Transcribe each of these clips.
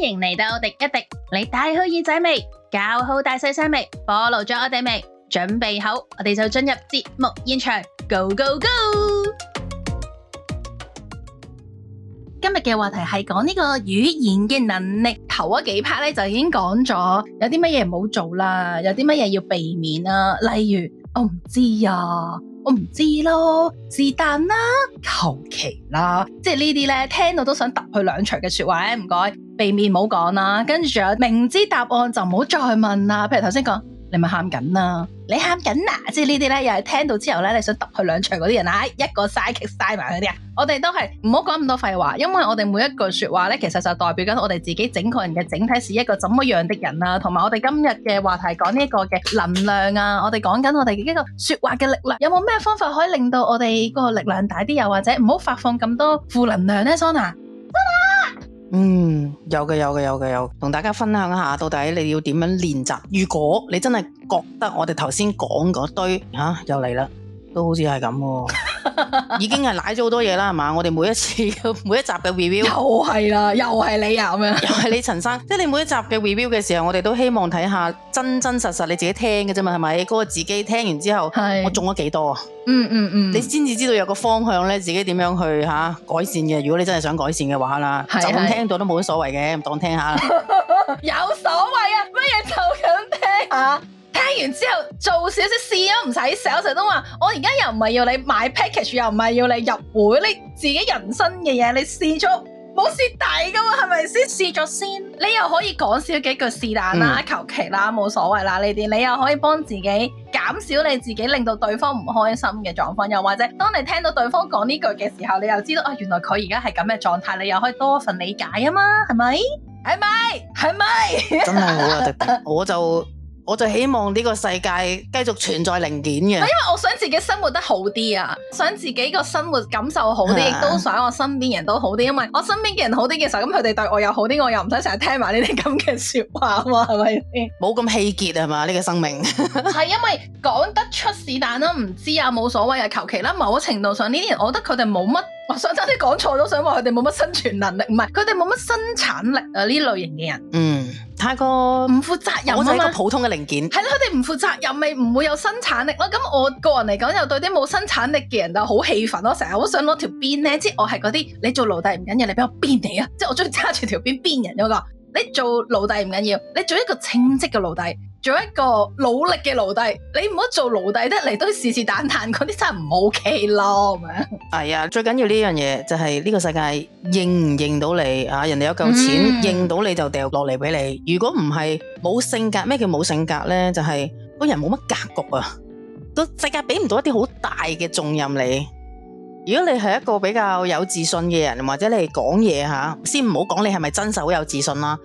歡迎嚟到廸一廸，你戴好耳仔未？搞好大細聲未？暴露咗我哋未？準備好，我哋就進入節目現場。Go go go！今日嘅話題係講呢個語言嘅能力。頭嗰幾 part 咧就已經講咗，有啲乜嘢唔好做啦，有啲乜嘢要避免啦，例如我唔知呀。我唔知咯，是但啦，求其啦，即係呢啲咧，聽到都想揼佢兩錘嘅說話咧，唔該，避免唔好講啦，跟住仲有明知答案就唔好再問啦，譬如頭先講。你咪喊緊啦！你喊緊啦！即係呢啲咧，又係聽到之後咧，你想揼佢兩場嗰啲人啊，一個晒劇晒埋嗰啲啊！我哋都係唔好講咁多廢話，因為我哋每一句說話咧，其實就代表緊我哋自己整個人嘅整體是一個怎麼樣的人啊，同埋我哋今日嘅話題講呢一個嘅能量啊，我哋講緊我哋呢個說話嘅力量，有冇咩方法可以令到我哋個力量大啲，又或者唔好發放咁多負能量咧，Sona？嗯，有嘅有嘅有嘅有嘅，同大家分享一下，到底你要點樣練習？如果你真係覺得我哋頭先講嗰堆嚇、啊、又嚟啦，都好似係咁喎。 已經係瀨咗好多嘢啦，係嘛？我哋每一次每一集嘅 review 又係啦，又係你啊，咁 樣又係你陳生，即係你每一集嘅 review 嘅時候，我哋都希望睇下真真實實你自己聽嘅啫嘛，係咪？嗰、那個自己聽完之後，是我中咗幾多啊、嗯？嗯嗯嗯，你先至知道有個方向咧，自己點樣去吓改善嘅。如果你真係想改善嘅話啦的，就咁聽到都冇乜所謂嘅，當聽,下、, 啊、聽下。有所謂啊？乜嘢就咁聽下啊？聽完之後做少少試吖，唔使成日成日都話，我而家又唔係要你買 package，又唔係要你入會，你自己人生嘅嘢你試咗，冇蝕底噶嘛，係咪先？先，試咗先，你又可以講少幾句是但啦，求其啦，冇所謂啦呢啲，你又可以幫自己減少你自己令到對方唔開心嘅狀況，又或者當你聽到對方講呢句嘅時候，你又知道啊，原來佢而家係咁嘅狀態，你又可以多份理解啊嘛，係咪？係咪？係咪？ 真係好啊，我就。我就希望呢個世界繼續存在零件嘅。因為我想自己生活得好啲啊，想自己個生活感受好啲，亦都、啊、想我身邊人都好啲。因為我身邊嘅人好啲嘅時候，咁佢哋對我又好啲，我又唔使成日聽埋呢啲咁嘅說話啊嘛，係咪？冇咁氣結啊嘛，呢、這個生命。係 因為講得出是但啦，唔知啊，冇所謂啊，求其啦。某個程度上呢啲人，我覺得佢哋冇乜，我想真啲講錯都想話佢哋冇乜生存能力，唔係，佢哋冇乜生產力啊呢類型嘅人。嗯。太過唔負責任啊嘛，普通嘅零件係咯，佢哋唔負責任咪唔會有生產力咯。咁我個人嚟講又對啲冇生產力嘅人就好氣憤咯，成日好想攞條鞭，咧，即係我係嗰啲你做奴隸唔緊要，你俾我鞭你啊，即係我中意揸住條鞭鞭人嗰個。你做奴隸唔緊要，你做一個稱職嘅奴隸。做一個努力嘅奴隸，你唔好做奴隸，得嚟都是是但但，嗰啲真係唔 OK 咯，係咪啊？係啊，最緊要呢樣嘢，就係呢個世界認唔認到你啊？人哋有嚿錢認到你就掉落嚟俾你，如果唔係冇性格。咩叫冇性格呢？就係個人冇乜格局啊，個世界俾唔到一啲好大嘅重任你。如果你係一個比較有自信嘅人，或者你係講嘢吓，先唔好講你係咪真實好有自信啦。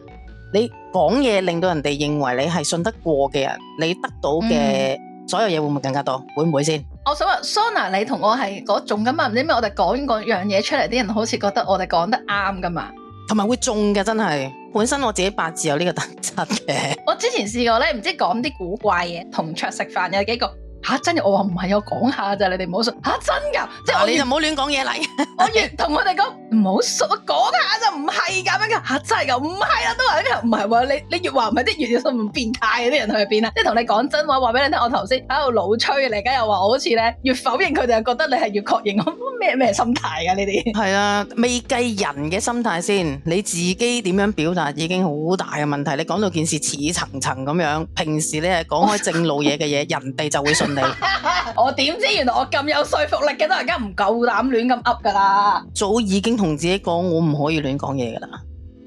你講嘢令到人哋認為你係信得過嘅人，你得到嘅所有嘢會唔會更加多？會唔會先？嗯，我想話，Sona 你同我係嗰種噶嘛？唔知咩我哋講嗰樣嘢出嚟，啲人好似覺得我哋講得啱噶嘛？同埋會中嘅真係，本身我自己八字有呢個特質嘅。我之前試過咧，唔知講啲古怪嘢，同桌食飯有幾個。吓、啊，真係，我話唔係，我講下咋，你哋唔好信。吓、啊，真㗎，即係、啊、你就唔好亂講嘢嚟。我越同我哋講唔好信，講下就唔係咁樣。吓、啊，真㗎，唔係啊，都係咩？唔係話你，你越話唔係，即係越要信唔變態啲人去邊啊？即係同你講真話，話俾你聽。我頭先喺度老吹，你而家又話我好似咧越否認佢哋，又覺得你係越確認。我咩咩心態啊？呢啲係啊，未計人嘅心態先，你自己點樣表達已經好大嘅問題。你講到件事似層層咁樣，平時咧講開正路嘢嘅嘢，人哋就會信。 我點知原來我咁有說服力嘅，都人家唔夠膽亂咁噏噶啦，早已經同自己講我唔可以亂講嘢噶啦。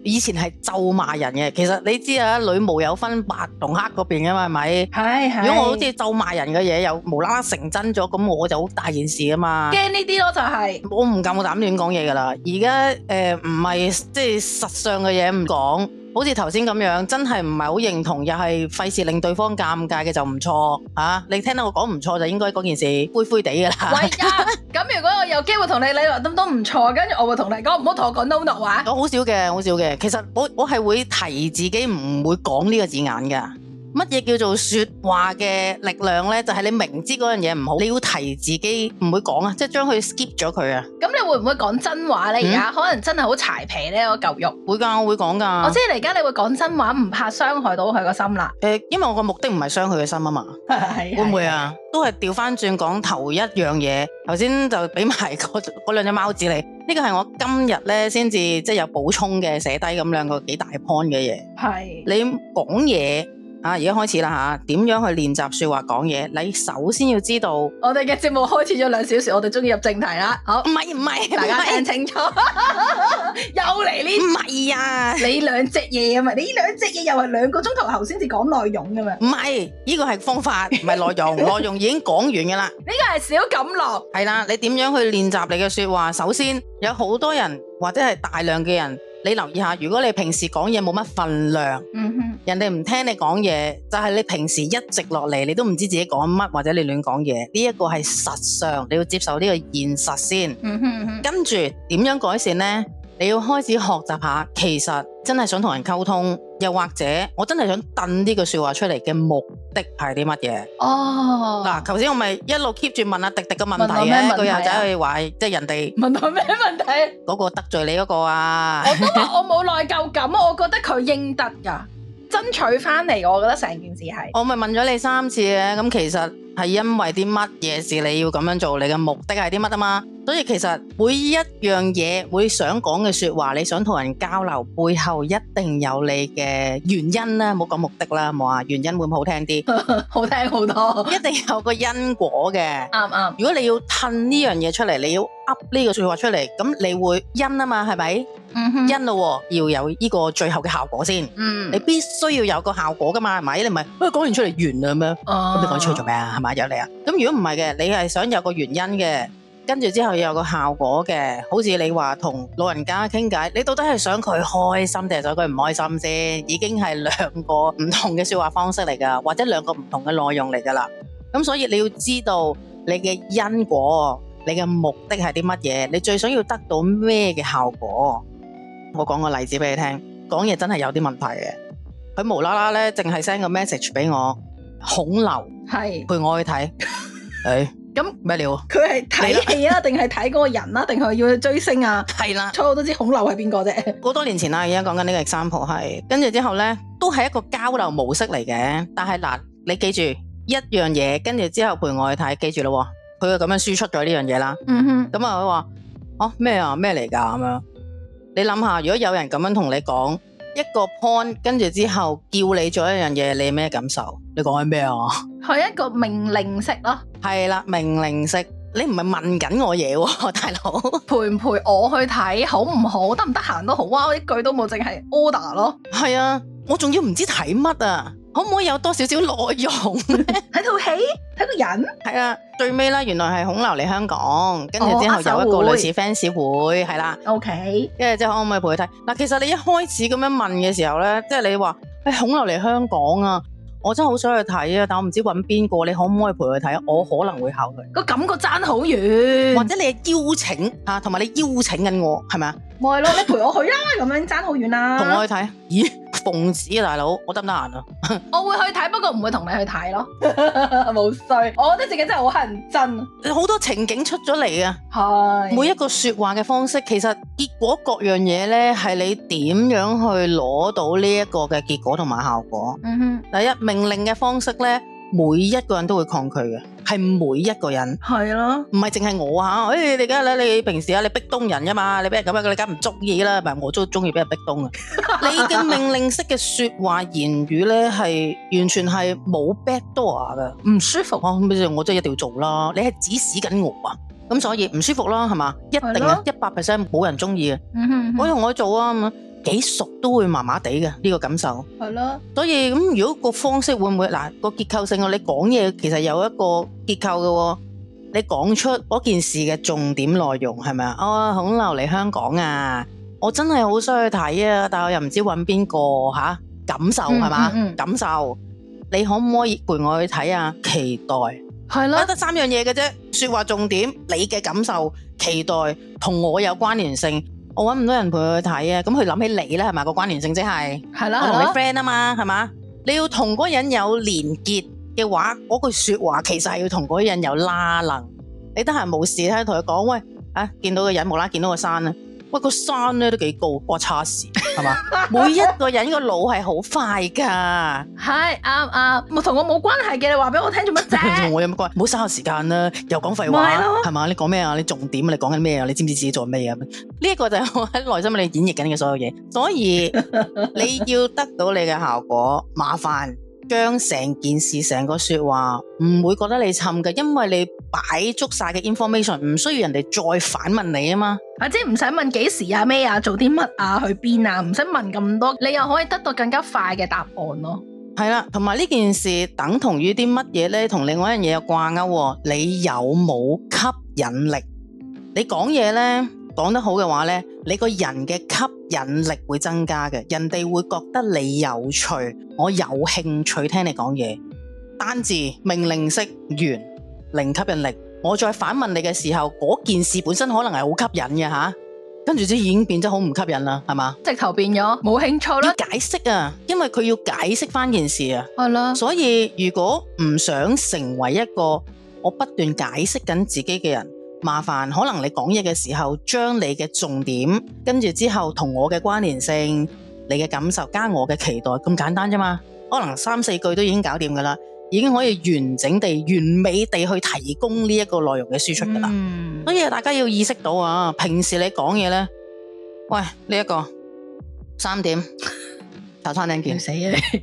以前係咒罵人嘅，其實你知啊，女巫有分白同黑嗰邊嘅嘛，係咪？係係。如果我好似咒罵人嘅嘢又無啦啦成真咗，咁我就好大件事啊嘛。驚呢啲咯，就是，就係我唔夠我膽亂講嘢噶啦。而家誒唔係即係實上嘅嘢唔講。好似頭先咁樣，真係唔係好認同，又係費事令對方尷尬嘅就唔錯吓、啊。你聽到我講唔錯就應該嗰件事灰灰地噶啦。喂呀，咁 如果我有機會同你理論咁都唔錯，會跟住我咪同你講唔好同我講 no no 話、啊。我好少嘅，好少嘅。其實我我係會提自己唔會講呢個字眼噶。乜嘢叫做說話嘅力量呢？就係、是、你明知嗰樣嘢唔好，你要提自己唔會講啊，即係將佢 skip 咗佢啊。咁你、嗯、會唔會講真話呢？而家可能真係好柴皮呢嗰嚿肉會噶，我會講噶。我知你而家你會講真話，唔怕傷害到佢個心啦。誒，因為我個目的唔係傷佢嘅心啊嘛，會唔會啊？都係調翻轉講頭一樣嘢，頭先就俾埋嗰嗰兩隻貓子你。呢個係我今日呢先至即係有補充嘅，寫低咁兩個幾大 point 嘅嘢。係是你講嘢。啊，而家開始啦吓，點、啊、樣去練習說話講嘢？你首先要知道，我哋嘅節目開始咗兩小時，我哋終於入正題啦。好，唔係唔係，大家聽清楚，是 又嚟呢你？唔係啊，你兩隻嘢啊嘛，你呢兩隻嘢又係兩個鐘頭後先至講內容噶嘛？唔係，呢、這個係方法，唔係內容，內 容已經講完噶啦。呢個係小錦囊。係啦，你點樣去練習你嘅說話？首先有好多人或者係大量嘅人。你留意下，如果你平時講嘢冇乜分量，嗯哼，人哋唔聽你講嘢，就係、是、你平時一直落嚟，你都唔知自己講乜，或者你亂講嘢，呢、這、一個係實上你要接受呢個現實先，嗯哼，哼，跟住點樣改善咧？你要開始學習下，其實真係想同人溝通。又或者，我真係想掟呢個說話出嚟嘅目的係啲乜嘢？哦、oh. 啊，嗱，頭先我咪一路 keep 住問阿迪迪嘅問題，佢又仔去話，即係人哋問我咩問題，啊？嗰個得罪你嗰個啊， 我都話我冇內疚感，我覺得佢應得噶，爭取翻嚟，我覺得成件事係我咪問咗你三次嘅，咁其實係因為啲乜嘢事你要咁樣做？你嘅目的係啲乜啊嘛？所以其實每一樣嘢會想講嘅說話，你想同人交流，背後一定有你嘅原因啦，唔好講目的啦，好冇啊？原因會唔會好聽啲？好聽好多，一定有個因果嘅。啱啱，如果你要褪呢樣嘢出嚟，你要噏呢個說話出嚟，咁你會因啊嘛，係咪？嗯，因咯，要有呢個最後嘅效果先。嗯，你必須要有個效果噶嘛，係咪？你唔係，哎，講完出嚟完啦咁樣，咁你講出嚟做咩啊？係咪有你啊？咁如果唔係嘅，你係想有個原因嘅。跟住之後有個效果嘅，好似你話同老人家傾偈，你到底係想佢開心定係想佢唔開心先？已經係兩個唔同嘅説話方式嚟噶，或者兩個唔同嘅內容嚟噶啦。咁所以你要知道你嘅因果，你嘅目的係啲乜嘢？你最想要得到咩嘅效果？我講個例子俾你聽，講嘢真係有啲問題嘅。佢無啦啦咧，淨係 send 個 message 俾我，孔劉係陪我去睇，係。咁咩料？佢係睇戲啊，定係睇嗰個人啊，定係要去追星啊？係啦 的，初 我都知孔劉係邊個啫。好多年前啦，而家講緊呢個 example 係，跟住之後咧都係一個交流模式嚟嘅。但係嗱，你記住一樣嘢，跟住之後陪我去睇，記住咯，佢就咁樣輸出咗呢樣嘢啦。嗯哼。咁啊，佢話、啊，哦咩啊咩嚟噶？咁樣，你諗下，如果有人咁樣同你講一個 point，跟住之後叫你做一樣嘢，你有咩感受？你講緊咩啊？係一個命令式咯，係啦，命令式。你唔係問緊我嘢喎，大佬，陪唔陪我去睇好唔好？得唔得閒都好啊！我一句都冇，淨係 order 咯。係啊，我仲要唔知睇乜啊？可唔可以有多少少內容？睇套戲，睇個人。係啊，最尾啦，原來係孔劉嚟香港，跟住之後有一個類似 fans 會，係啦，哦。OK，跟住之後可唔可以陪佢睇？嗱，其實你一開始咁樣問嘅時候咧，即係你話誒，孔劉嚟香港啊。我真係好想去睇啊，但我唔知揾邊個，你可唔可以陪佢睇啊？我可能會考佢。個感覺差好遠，或者你係邀請嚇，同、啊、埋你邀請緊我係咪啊？咪係咯，你陪我去啦，咁 樣差好遠啊。同我去睇。咦，奉旨啊，大佬，我得唔得閒啊？ 我會去睇，不過唔會同你去睇咯，冇 衰。我覺得自己真係好乞人憎。好多情景出咗嚟啊，係是每一個說話嘅方式，其實結果各樣嘢呢係你點樣去攞到呢一個嘅結果同埋效果。嗯哼，第一，命令嘅方式呢。每一個人都會抗拒嘅，係每一個人。係啦的，唔係淨係我吓，誒、哎，你而家咧，你平時啊，你逼東人噶嘛，你俾人咁樣，你梗唔中意啦，係咪？我都中意俾人逼東啊。 你嘅命令式嘅說話言語咧，係完全係冇 back door 噶，唔舒服啊！乜嘢？我真係一定要做啦。你係指使緊我啊，咁所以唔舒服啦，係嘛？一定啊，一百 percent 冇人中意嘅。嗯哼，我同我做啊嘛。幾熟都會麻麻地嘅呢個感受，係咯，所以咁如果個方式會唔會嗱個結構性嘅？你講嘢其實有一個結構嘅喎，你講出嗰件事嘅重點內容，係咪啊？哦，孔劉嚟香港啊，我真係好想去睇啊，但係我又唔知搵邊個吓？感受係嘛？感受，你可唔可以陪我去睇啊？期待係咯，得三樣嘢嘅啫，說話重點，你嘅感受，期待同我有關聯性。我揾唔到人陪佢去睇啊，咁佢諗起你咧，係嘛？個關聯性即係，係啦，我同你 friend 啊嘛，係嘛，你要同嗰個人有連結嘅話，嗰句說話其實係要同嗰個人有拉能。你得閒冇事咧，同佢講喂，啊見到個人冇啦，見到個山啦。喂，個山咧都幾高，個叉士係嘛？ 每一個人個腦係好快㗎， 係啱啱，冇、啊、同我冇關係嘅，你話俾我聽做乜啫？ 我有乜關係？唔好嘥時間啦，又講廢話，係嘛？ 你講咩啊？你重點啊？你講緊咩啊？你知唔知自己做咩啊？呢一 個就係我喺內心裏面演繹緊嘅所有嘢，所以你要得到你嘅效果，麻煩。將成件事、成個說話唔會覺得你沉嘅，因為你擺足晒嘅 information，唔需要人哋再反問你啊嘛。或者唔使問幾時啊、咩啊、做啲乜啊、去邊啊，唔使問咁多，你又可以得到更加快嘅答案咯。係啦，同埋呢件事等同於啲乜嘢呢？同另外一樣嘢有掛鈎、哦。你有冇吸引力？你講嘢呢，講得好嘅話呢，你個人嘅吸引力會增加嘅，人哋會覺得你有趣。我有興趣聽你講嘢，單字命令式完，零吸引力。我再反問你嘅時候，嗰件事本身可能係好吸引嘅嚇、啊，跟住之後已經變咗好唔吸引啦，係嘛？直頭變咗冇興趣咯。要解釋啊，因為佢要解釋翻件事啊。係啦的，所以如果唔想成為一個我不斷解釋緊自己嘅人，麻煩可能你講嘢嘅時候，將你嘅重點跟住之後同我嘅關聯性。你嘅感受加我嘅期待咁簡單啫嘛，可能三四句都已經搞掂噶啦，已經可以完整地、完美地去提供呢一個內容嘅輸出噶啦。嗯，所以大家要意識到啊，平時你講嘢咧，喂，呢一個三點，茶餐廳見死啊，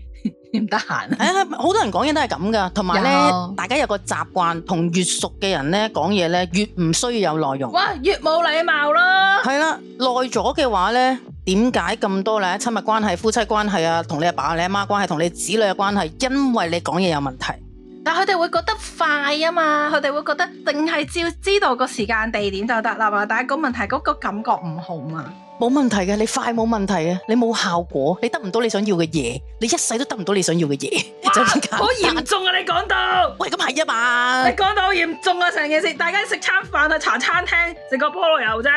唔得閒。哎，好多人講嘢都係咁噶，同埋咧，大家有個習慣，同越熟嘅人咧講嘢咧，越唔需要有內容，哇，越冇禮貌咯。係啦，耐咗嘅話咧。點解咁多咧？親密關係、夫妻關係啊，同你阿爸、你阿媽關係，同你子女嘅關係，因為你講嘢有問題。但佢哋會覺得快啊嘛，佢哋會覺得淨係照知道個時間地點就得啦嘛，但係個問題嗰個感覺唔好嘛。冇問題嘅，你快冇問題嘅，你冇效果，你得唔到你想要嘅嘢，你一世都得唔到你想要嘅嘢，哇 就好嚴重啊！你講到，喂，咁係啊嘛。你講到好嚴重啊！成件事，大家食餐飯啊，茶餐廳食個菠蘿油啫。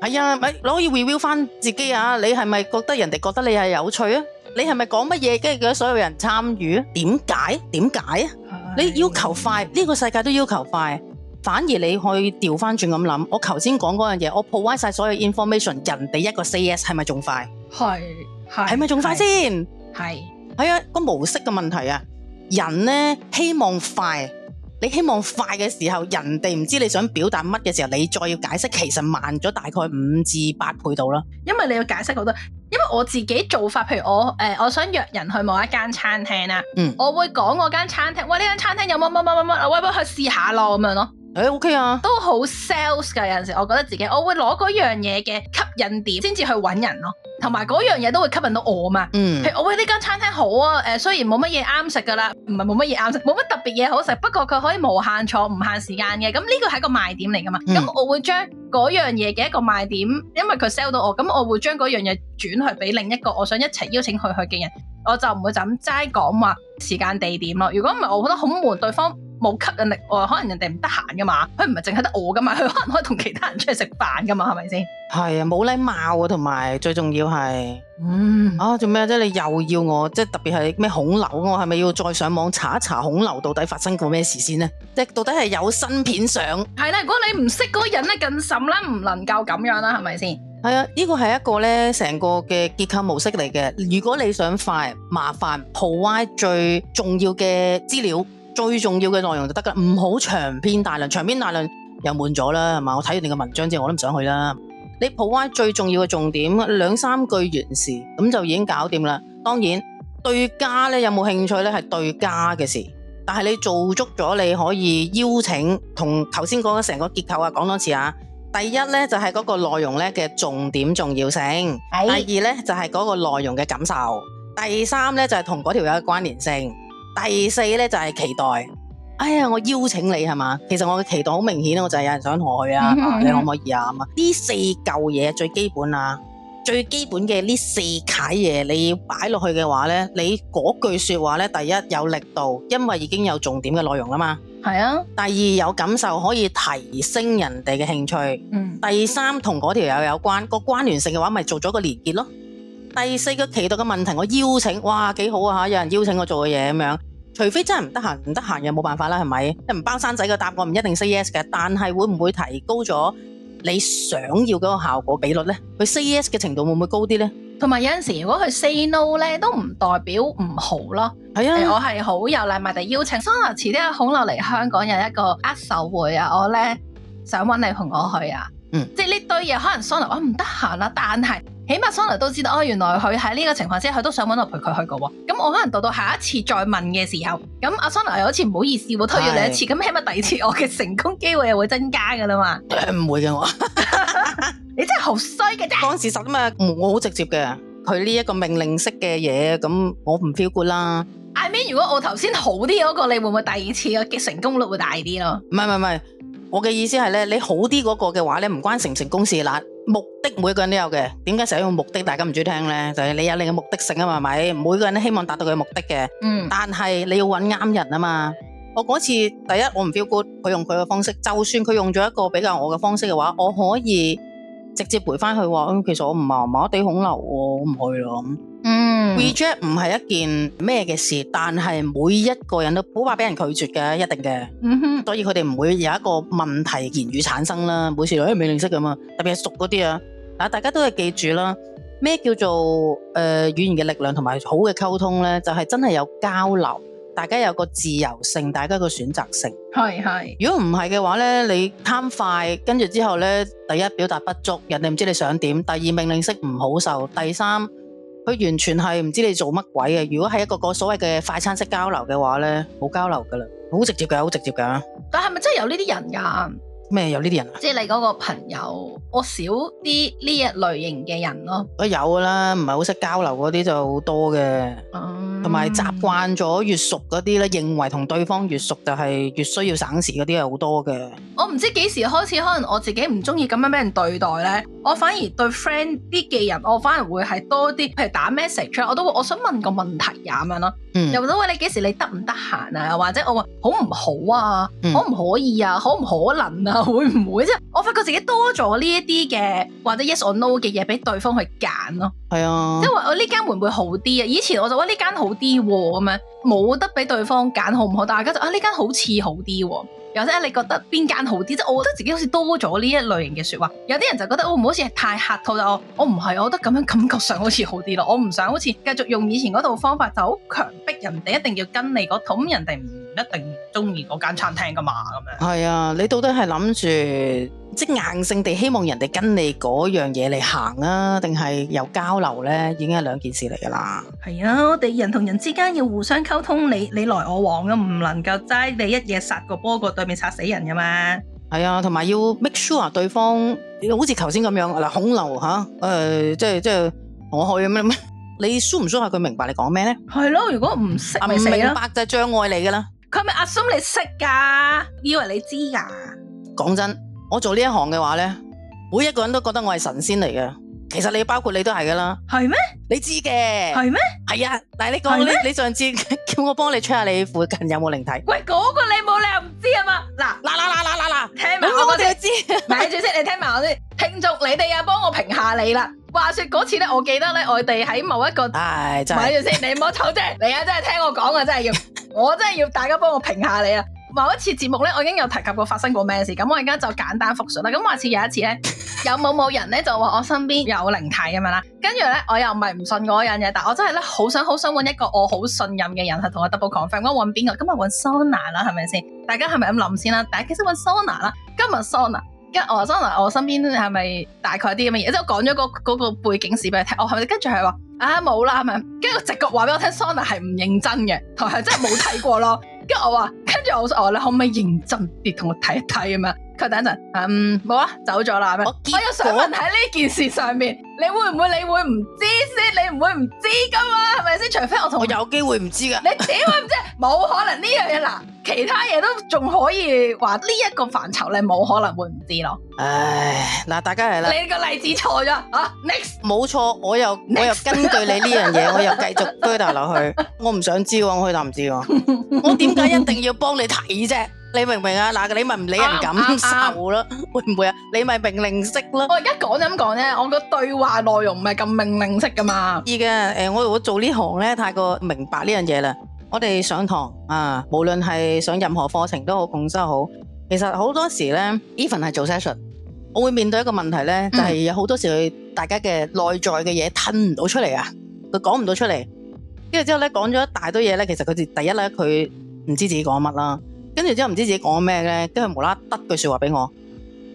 係啊、哎，咪可以 review 翻自己啊！你係咪覺得人哋覺得你係有趣啊？你係咪講乜嘢跟住叫所有人參與啊？點解？點解啊？哎、呀你要求快，呢、這個世界都要求快。反而你可以調翻轉咁諗，我頭先講嗰樣嘢，我 provide 曬所有 information，人哋一個 CS 係咪仲快？係係咪仲快先？係係啊個模式嘅問題啊，人呢，希望快，你希望快嘅時候，人哋唔知你想表達乜嘅時候，你再要解釋，其實慢咗大概五至八倍到啦。因為你要解釋好多，因為我自己做法，譬如我誒、呃，我想約人去某一間餐廳啊，嗯，我會講嗰間餐廳，喂呢間餐廳有乜乜乜乜乜，喂不如去試下咯咁樣咯。誒、欸、OK 啊，都好 sales 嘅。有陣時，我覺得自己，我會攞嗰樣嘢嘅吸引點，先至去搵人咯。同埋嗰樣嘢都會吸引到我嘛。嗯，譬如我話呢間餐廳好啊，誒、呃，雖然冇乜嘢啱食噶啦，唔係冇乜嘢啱食，冇乜特別嘢好食，不過佢可以無限坐，唔限時間嘅。咁呢個係個賣點嚟噶嘛。咁、嗯、我會將嗰樣嘢嘅一個賣點，因為佢 sell 到我，咁我會將嗰樣嘢轉去俾另一個我想一齊邀請佢去嘅人，我就唔會就咁齋講話時間地點咯。如果唔係，我覺得好悶，對方。冇吸引力喎，可能人哋唔得閒噶嘛，佢唔係淨係得我噶嘛，佢可能可以同其他人出去食飯噶嘛，係咪先？係啊，冇禮貌啊，同埋最重要係，嗯啊做咩啫？你又要我即係特別係咩恐流，我係咪要再上網查一查恐流到底發生過咩事先呢、啊？即係到底係有新片上？係啦、啊，如果你唔識嗰個人咧，更慎啦，唔能夠咁樣啦，係咪先？係啊，呢個係一個咧成個嘅結構模式嚟嘅。如果你想快，麻煩破壞最重要嘅資料。最重要嘅內容就得噶，唔好長篇大論，長篇大論又悶咗啦，我睇完你嘅文章之後，我都唔想去啦。你鋪歪最重要嘅重點，兩三句完事，咁就已經搞掂啦。當然，對家咧有冇興趣咧係對家嘅事，但係你做足咗，你可以邀請同頭先講嘅成個結構啊，講多次啊。第一呢就係、是、嗰個內容咧嘅重點重要性，是第二呢就係、是、嗰個內容嘅感受，第三呢就係同嗰條嘢嘅關聯性。第四咧就係期待，哎呀，我邀請你係嘛，其實我嘅期待好明顯咯，我就係有人想同我去啊，你可唔可以啊？呢四嚿嘢最基本啦，最基本嘅呢四嚿嘢你要擺落去嘅話呢，你嗰句說話呢，第一有力度，因為已經有重點嘅內容啦嘛，係啊。第二有感受，可以提升人哋嘅興趣。 第三同嗰條友有關，個關聯性嘅話，咪做咗個連結咯。第四個期待嘅問題，我邀請，哇幾好啊嚇！有人邀請我做嘅嘢咁樣，除非真係唔得閒，唔得閒又冇辦法啦，係咪？即唔包生仔嘅答案唔一定 say yes 嘅，但係會唔會提高咗你想要嗰個效果比率呢？佢 say yes 嘅程度會唔會高啲呢？同埋有陣時，如果佢 say no 呢，都唔代表唔好咯。係啊，欸、我係好有禮貌地邀請。Sona 遲啲阿孔樂嚟香港有一個握手會啊，我呢，想揾你同我去啊。嗯，即係呢堆嘢可能 Sona 話唔得閒啦，但係。起碼 Sona 都知道哦，原來佢喺呢個情況之下，佢都想揾我陪佢去個喎、哦。咁我可能到到下一次再問嘅時候，咁阿 Sona 又好似唔好意思喎，推咗你一次，咁是起碼第二次我嘅成功機會又會增加噶啦嘛。唔、呃、會嘅我， 你真係好衰嘅啫。講事實啊嘛，我好直接嘅，佢呢一個命令式嘅嘢，咁我唔 feel good 啦。I mean，如果我頭先好啲嗰，那個，你會唔會第二次嘅成功率會大啲咯？唔係唔係唔係。我嘅意思係你好啲嗰個嘅話咧，唔關成不成功事嗱。目的每一個人都有嘅，點解成日用目的大家唔鍾意聽呢？就係、是、你有你嘅目的性啊嘛，係咪？每個人都希望達到佢嘅目的嘅。嗯。但係你要揾啱人啊嘛。我嗰次，第一我唔 feel good 佢用佢嘅方式，就算佢用咗一個比較我嘅方式嘅話，我可以。直接陪翻去，其實我唔麻麻地恐流，我唔去啦。嗯，reject 唔係一件咩嘅事，但係每一個人都好怕俾人拒絕嘅，一定嘅。嗯哼，所以佢哋唔會有一個問題言語產生啦。每次誒未認識噶嘛，特別係熟嗰啲啊。大家都係記住啦，咩叫做誒、呃、語言嘅力量同埋好嘅溝通咧？就係、是、真係有交流。大家有個自由性，大家個選擇性，係係是。如果唔係嘅話呢，你貪快，跟住之後呢，第一表達不足，人哋唔知你想點；第二命令式唔好受；第三，佢完全係唔知你做乜鬼嘅。如果係一個個所謂嘅快餐式交流嘅話呢，冇交流噶啦，好直接嘅，好直接嘅。但係咪真係有呢啲人㗎？咩有呢啲人啊？即係你嗰個朋友，我少啲呢一類型嘅人咯。啊有噶啦，唔係好識交流嗰啲就好多嘅，同埋習慣咗越熟嗰啲咧，認為同對方越熟就係越需要省時嗰啲係好多嘅。我唔知幾時開始，可能我自己唔中意咁樣俾人對待咧，我反而對 friend 啲嘅人，我反而會係多啲，譬如打 message，我都會我想問個問題啊咁樣咯。嗯、又或者喂，你幾時，你得唔得閒啊？或者我話好唔好啊？嗯、可唔可以啊？可唔可能啊？會唔會啫、啊？我發覺自己多咗呢一啲嘅，或者 yes or no 嘅嘢，俾對方去揀咯。係啊，即係話，我呢間會唔會好啲啊？以前我就話呢間好啲咁、啊、樣，冇得俾對方揀好唔好？但係而家就啊呢間好似好啲。有咧，或者你覺得邊間好啲？即係我覺得自己好似多咗呢一類型嘅説話。有啲人就覺得哦，唔好似太客套，就我唔係、哦，我覺得咁樣感覺上好似好啲咯。我唔想好似繼續用以前嗰套方法，就好強逼人哋一定要跟你嗰套。咁人哋唔一定中意嗰間餐廳噶嘛，咁樣。係啊，你到底係諗住？即硬性地希望人哋跟你嗰樣嘢嚟行啊，定係有交流咧，已經係兩件事嚟噶啦。係啊，我哋人同人之間要互相溝通，你你來我往嘅，唔能夠齋你一嘢殺個波，過對面殺死人噶嘛。係啊，同埋要 make sure 對方好似頭先咁樣嗱，恐劉吓誒，即係即係我去咁樣咩？ 你 sure 唔 sure 佢明白你講咩咧？係咯、啊，如果唔識，唔明白就係障礙你噶啦。佢咪 assume 你識噶，以為你知噶，講真。我做呢一行嘅話咧，每一個人都覺得我係神仙嚟嘅。其實你包括你都係噶啦。係咩？你知嘅。係咩？係啊。嗱，你講，你上次叫我幫你 check 下你附近有冇靈體。喂，嗰個你冇，你又唔知吖嘛？嗱，嗱嗱嗱嗱嗱嗱，聽埋我哋先。知。咪住先，你聽埋我先。聽眾，你哋又幫我評下你啦。話說嗰次咧，我記得咧，我哋喺某一個，咪住先，你唔好唞啫，你啊！真係聽我講啊，真係要，我真係要大家幫我評下你啊。某一次節目咧，我已經有提及過發生過咩事，咁我而家就簡單復述啦。咁話似有一次咧，有某某人咧就話我身邊有靈體咁樣啦，跟住咧我又唔係唔信嗰樣嘢但我真係咧好想好想揾一個我好信任嘅人係同我 double confirm，我揾邊個？今日揾 Sona 啦，係咪先？大家係咪咁諗先啦？但係其實揾 Sona 啦，今日 Sona，跟住我 Sona，我身邊係咪大概啲咁嘅嘢？即係我講咗嗰嗰個背景事俾你聽，我係咪跟住係話啊冇啦係咪跟住直覺話俾我聽，Sona 係唔認真嘅，同埋真係冇睇過咯。 跟住我話，跟住我話，你可唔可以認真啲同我睇一睇吖？佢等陣，嗯，冇啊，走咗啦咩？我，結我有想問喺呢件事上面我，你會唔會？你會唔知先？你唔會唔知噶嘛？係咪先？除非我同我有機會唔知噶。你點唔知？冇可能呢樣嘢嗱，其他嘢都仲可以話呢一個範疇你冇可能會唔知咯。唉，嗱，大家嚟啦。你個例子錯咗啊？Next，冇錯，我又我又根據你呢樣嘢，Next! 我又繼續推導落去。我唔想知喎，我可以答唔知喎。 我點解一定要幫你睇啫？你明唔明啊？嗱，你咪唔理人感受咯，會唔會？啊，你咪命令式咯。我而家講就咁講啫，我個對話內容唔係咁命令式噶嘛。易嘅，誒，我如果做呢行咧太過明白呢樣嘢啦我哋上堂啊，無論係上任何課程都好，共修好。其實好多時咧，even 係做 session，我會面對一個問題咧，就係有好多時佢大家嘅內在嘅嘢吞唔到出嚟啊，佢講唔到出嚟。跟住之後咧，講咗一大堆嘢咧，其實佢哋第一咧，佢唔知自己講乜啦。跟住之後唔知自己講咗咩咧，跟住無啦啦得句説話俾我，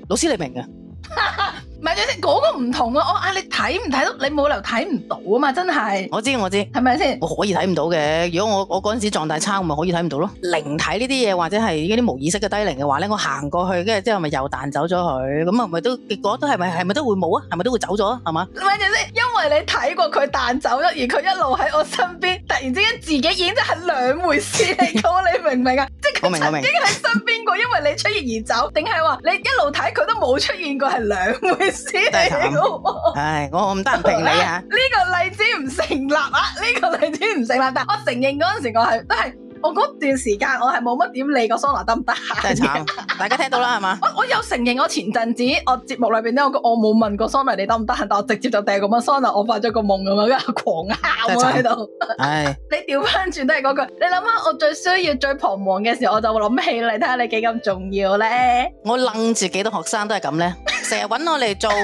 老師你明嘅。 咪住先，嗰個唔同咯，啊，我嗌你睇唔睇到？你冇理由睇唔到啊嘛，真係。我知我知，係咪先？我可以睇唔到嘅。如果我我嗰陣時狀態差，我咪可以睇唔到咯。靈體呢啲嘢，或者係呢啲無意識嘅低靈嘅話咧，我行過去，跟住之後咪又彈走咗佢，咁啊咪都結果都係咪係咪都會冇啊？係咪都會走咗啊？係嘛？咪住先，因為你睇過佢彈走咗，而佢一路喺我身邊，突然之間自己演就係兩回事嚟嘅。 你明唔明啊？ 即係佢明我明。曾經喺身邊過，因為你出現而走，定係話你一路睇佢都冇出現過係兩回事。係慘！我唉，我唔得唔評你啊！呢個例子唔成立啊！呢、呢個例子唔成立，但係我承認嗰陣時我係都係，我嗰段時間我係冇乜點理個 Sona 得唔得閒？真 大家聽到啦係嘛？我我有承認我前陣子我節目裏邊咧，我我冇問過 Sona 你得唔得閒？但我直接就掟個蚊 Sona，我發咗個夢咁樣，跟住狂喊喺度。係憐唉， 你調翻轉都係嗰句，你諗下我最需要最彷徨嘅時候，我就會諗起你，睇下你幾咁重要咧。我愣住幾多學生都係咁咧。成日揾我嚟做誒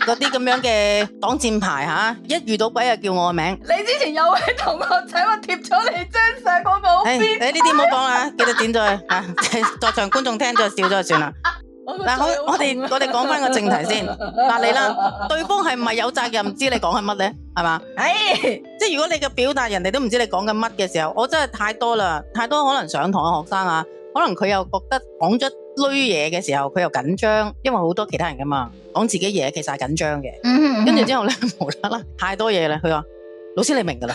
嗰啲咁樣嘅擋箭牌、啊、一遇到鬼就叫我個名。你之前有位同學仔，我貼咗你張相。哎，呢啲唔好講啦，記得剪咗去在場、啊、 觀眾聽咗笑咗算啦、啊。我哋我哋講翻個正題先。嗱你啦，對方係唔係有責任知道你講係乜呢？係嘛？哎，即如果你嘅表達人哋都唔知道你講緊乜嘅時候，我真係太多啦，太多可能上堂嘅學生啊，可能佢又覺得講咗。攞嘢嘅時候佢又緊張，因為好多其他人噶嘛，講自己嘢其實係緊張嘅。跟住之後咧，冇啦啦，太多嘢啦。佢話 老師你明噶啦，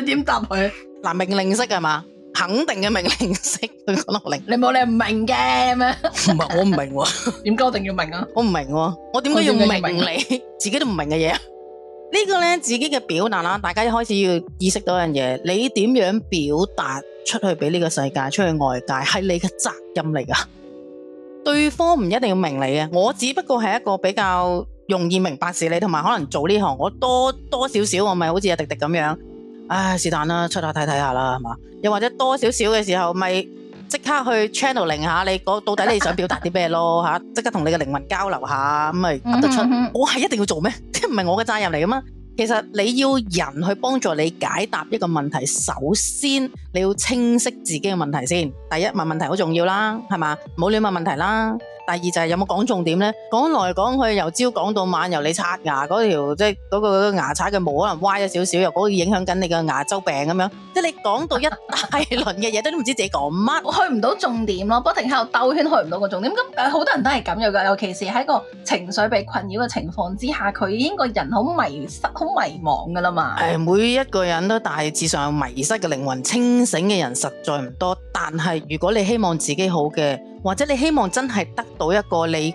你點 答佢？嗱命、啊、令式噶嘛，肯定嘅命令式，佢講得好明。你冇你唔明嘅咩？唔係我唔明喎、啊，點解 一定要明啊？我唔明喎，我點解要明你 自己都唔明嘅嘢啊？ 這個，呢個咧自己嘅表達啦，大家一開始要意識到一樣嘢，你點樣表達出去俾呢個世界、出去外界係你嘅責任嚟噶。 對方唔一定要明你嘅，我只不過係一個比較容易明白事理，同埋可能做呢行，我多多少少我咪好似阿廸廸咁樣，唉是但啦，出下睇睇下啦，係嘛？又或者多少少嘅時候，咪即刻去 channeling 下你到底你想表達啲咩咯嚇？即 刻同你嘅靈魂交流下咁咪噏得出。嗯、哼哼我係一定要做咩？即係唔係我嘅責任嚟嘅嘛。其實你要人去幫助你解答一個問題，首先你要清晰自己嘅問題先。第一，問問題好重要啦，係咪？唔好亂問問題啦。第二就係有冇講重點咧？講來講去，由朝講到晚，由你刷牙嗰條即係嗰個牙刷嘅毛可能歪咗少少，又嗰啲影響緊你嘅牙周病咁樣。即係你講到一大輪嘅嘢， 都唔知自己講乜，去唔到重點咯，不停喺度兜圈，去唔到個重點。咁、呃、好多人都係咁樣噶，尤其是喺個情緒被困擾嘅情況之下，佢已經個人好迷失、好迷茫噶啦嘛。係每一個人都大致上迷失嘅靈魂，清醒嘅人實在唔多。但係如果你希望自己好嘅，或者你希望真係得到一個你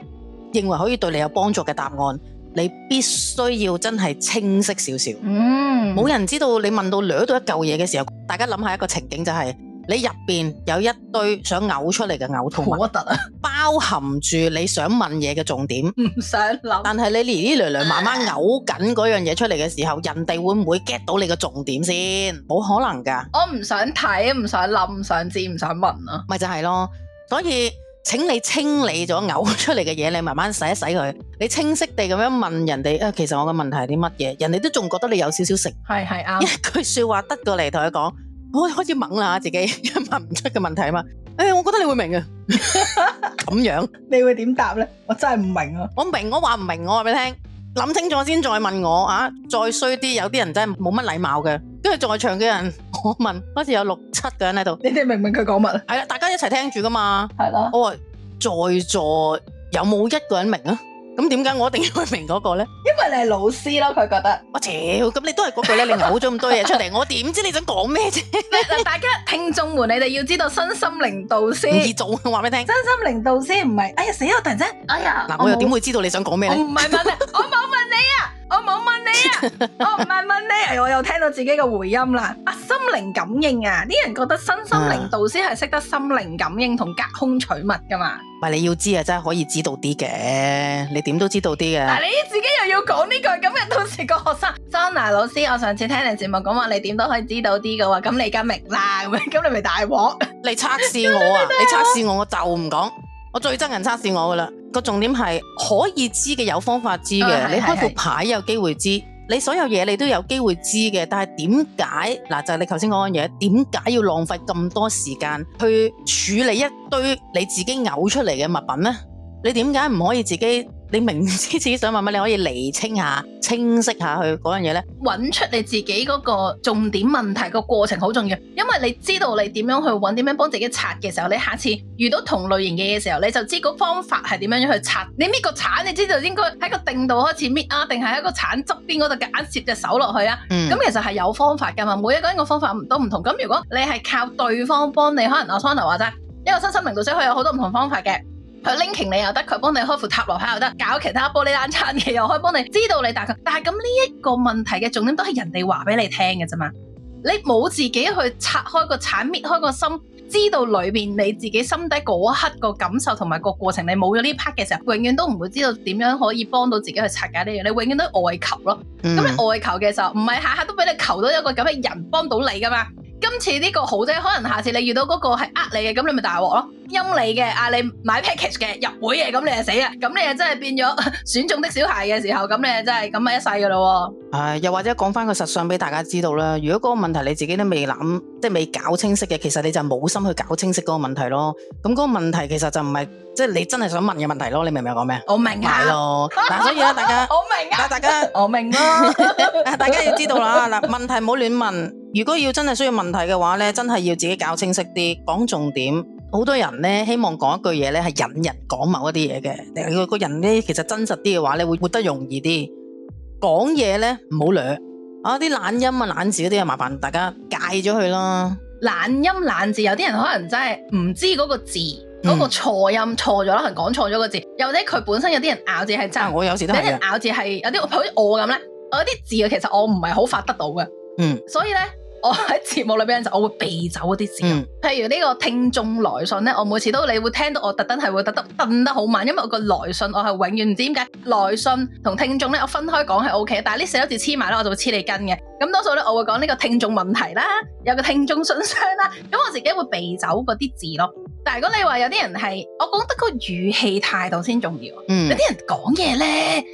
認為可以對你有幫助嘅答案，你必須要真係清晰少少。嗯，冇人知道你問到掠到一嚿嘢嘅時候，大家諗下一個情景就係你入邊有一堆想嘔出嚟嘅嘔吐物，好核突啊，包含住你想問嘢嘅重點。唔想諗，但係你呢啲嚟嚟慢慢嘔緊嗰樣嘢出嚟嘅時候，人哋會唔會 get 到你嘅重點先？冇可能噶，我唔想睇，唔想諗，唔想知，唔想問啊。咪就係咯。所以請你清理咗嘔出嚟嘅嘢，你慢慢洗一洗佢。你清晰地咁樣問人哋，啊、其實我嘅問題係啲乜嘢？人哋都仲覺得你有少少誠。一句説話得過嚟，同佢講，我開始懵啦自己 問唔出嘅問題嘛，欸。我覺得你會明啊。咁 樣， 你會點答呢？我真係唔明啊！我明，我話唔明，我話俾你聽。諗清楚先再問我啊！再衰啲，有啲人真係冇乜禮貌嘅。跟住在場嘅人，我問，嗰時有六七個人喺度，你哋明唔明佢講乜？係啦，大家一齊聽住噶嘛。係咯。我話在座有冇一個人明啊？咁點解我一定要去明嗰個咧？因為你係老師咯，佢覺得。我屌，咁你都係嗰句咧，你嘔咗咁多嘢出嚟， 我點知你想講咩啫？大家聽眾們，你哋要知道身心靈導師，唔易做，話俾你聽。身心靈導師唔係，哎呀死啦！我突然間，哎呀，嗱我，我又點會知道你想講咩？唔係問你， 我冇問你啊！我冇問你啊，我唔係問你，啊，哎，我又聽到自己嘅回音啦。啊，心靈感應啊，啲人覺得身心靈導師係識得心靈感應同隔空取物噶嘛？係，你要知啊，真係可以知道啲嘅，你點都知道啲嘅。你自己又要講呢句，咁樣，到時個學生 So na 老師，我上次聽人節目講話你點都可以知道啲嘅話，咁你而家明啦，咁咁你咪大鑊。 你測試我啊！ 你測試我， 我就唔講，我最憎人測試我噶啦。個重點係可以知嘅，有方法知嘅。哦、的你開副牌有機會知，的你所有嘢你都有機會知嘅。但係點解嗱就係、你頭先講嘅嘢，點解要浪費咁多時間去處理一堆你自己嘔出嚟嘅物品呢？你點解唔可以自己？你明知自己想問乜，你可以釐清下、清晰下去嗰樣嘢咧。揾出你自己嗰個重點問題個過程好重要，因為你知道你點樣去揾，點樣幫自己拆嘅時候，你下次遇到同類型嘅嘢時候，你就知個方法係點樣樣去拆。你搣個鏟，你知道應該喺個定度開始搣啊，定係喺個鏟側邊嗰度夾硬接隻手落去啊？咁、嗯、其實係有方法㗎嘛，每一個人方法都唔同。咁如果你係靠對方幫你，可能阿 Sona 話齋，一個身心靈導師，佢有好多唔同方法嘅。佢拎擎你又得，佢幫你開副塔羅牌又得，搞其他玻璃爛餐嘅又可以幫你，知道你大，係，但係咁呢一個問題嘅重點都係人哋話俾你聽嘅啫嘛，你冇自己去拆開、個產，搣開個心，知道裏面你自己心底嗰一刻個感受同埋個過程，你冇咗呢 part 嘅時候，永遠都唔會知道點樣可以幫到自己去拆解呢樣，你永遠都外求咯。咁、嗯、你外求嘅時候，唔係下下都俾你求到一個咁嘅人幫到你噶嘛？今次呢個好啫，可能下次你遇到嗰個係呃你嘅，咁你咪大鑊咯，陰你嘅，阿、啊、你買 package 嘅，入會嘅，咁你就死啦，咁你啊真係變咗選中的小孩嘅時候，咁你啊真係咁啊一世噶咯喎。誒，又或者講翻個實相俾大家知道啦，如果嗰個問題你自己都未諗，即係未搞清晰嘅，其實你就冇心去搞清晰嗰個問題咯。咁嗰個問題其實就唔係。即係你真係想問嘅問題咯，你明唔明我講咩？我明啊，係咯。嗱，所以咧，大家我明啊，大家我明咯。啊，大家要知道啦。嗱，問題唔好亂問。如果要真係需要問題嘅話咧，真係要自己較清晰啲，講重點。好多人咧希望講一句嘢，咧係引人講某一啲嘢嘅。如果個人咧其實真實啲嘅話咧會活得容易啲。講嘢咧唔好略啊，啲懶音啊懶字嗰啲啊，麻煩大家戒咗佢啦。懶音懶字，有啲人可能真係唔知嗰個字。嗰個錯音錯咗啦，講錯咗個字，又或者佢本身有啲人咬字係爭，我有啲人咬字係有啲，好似我咁咧，我有啲字其實我唔係好發得到嘅，嗯，所以呢。我喺節目裏邊就我會避走嗰啲字，嗯、譬如呢個聽眾來信咧，我每次都你會聽到我特登係會特登頓得好慢，因為我個來信我係永遠唔知點解來信同聽眾咧我分開講係 OK，但係呢四個字黐埋咧，我就會黐你根嘅。咁、嗯、多數咧我會講呢個聽眾問題啦，有個聽眾信箱啦，咁我自己會避走嗰啲字咯。但係如果你話有啲人係我覺得個語氣態度先重要，嗯、有啲人講嘢咧。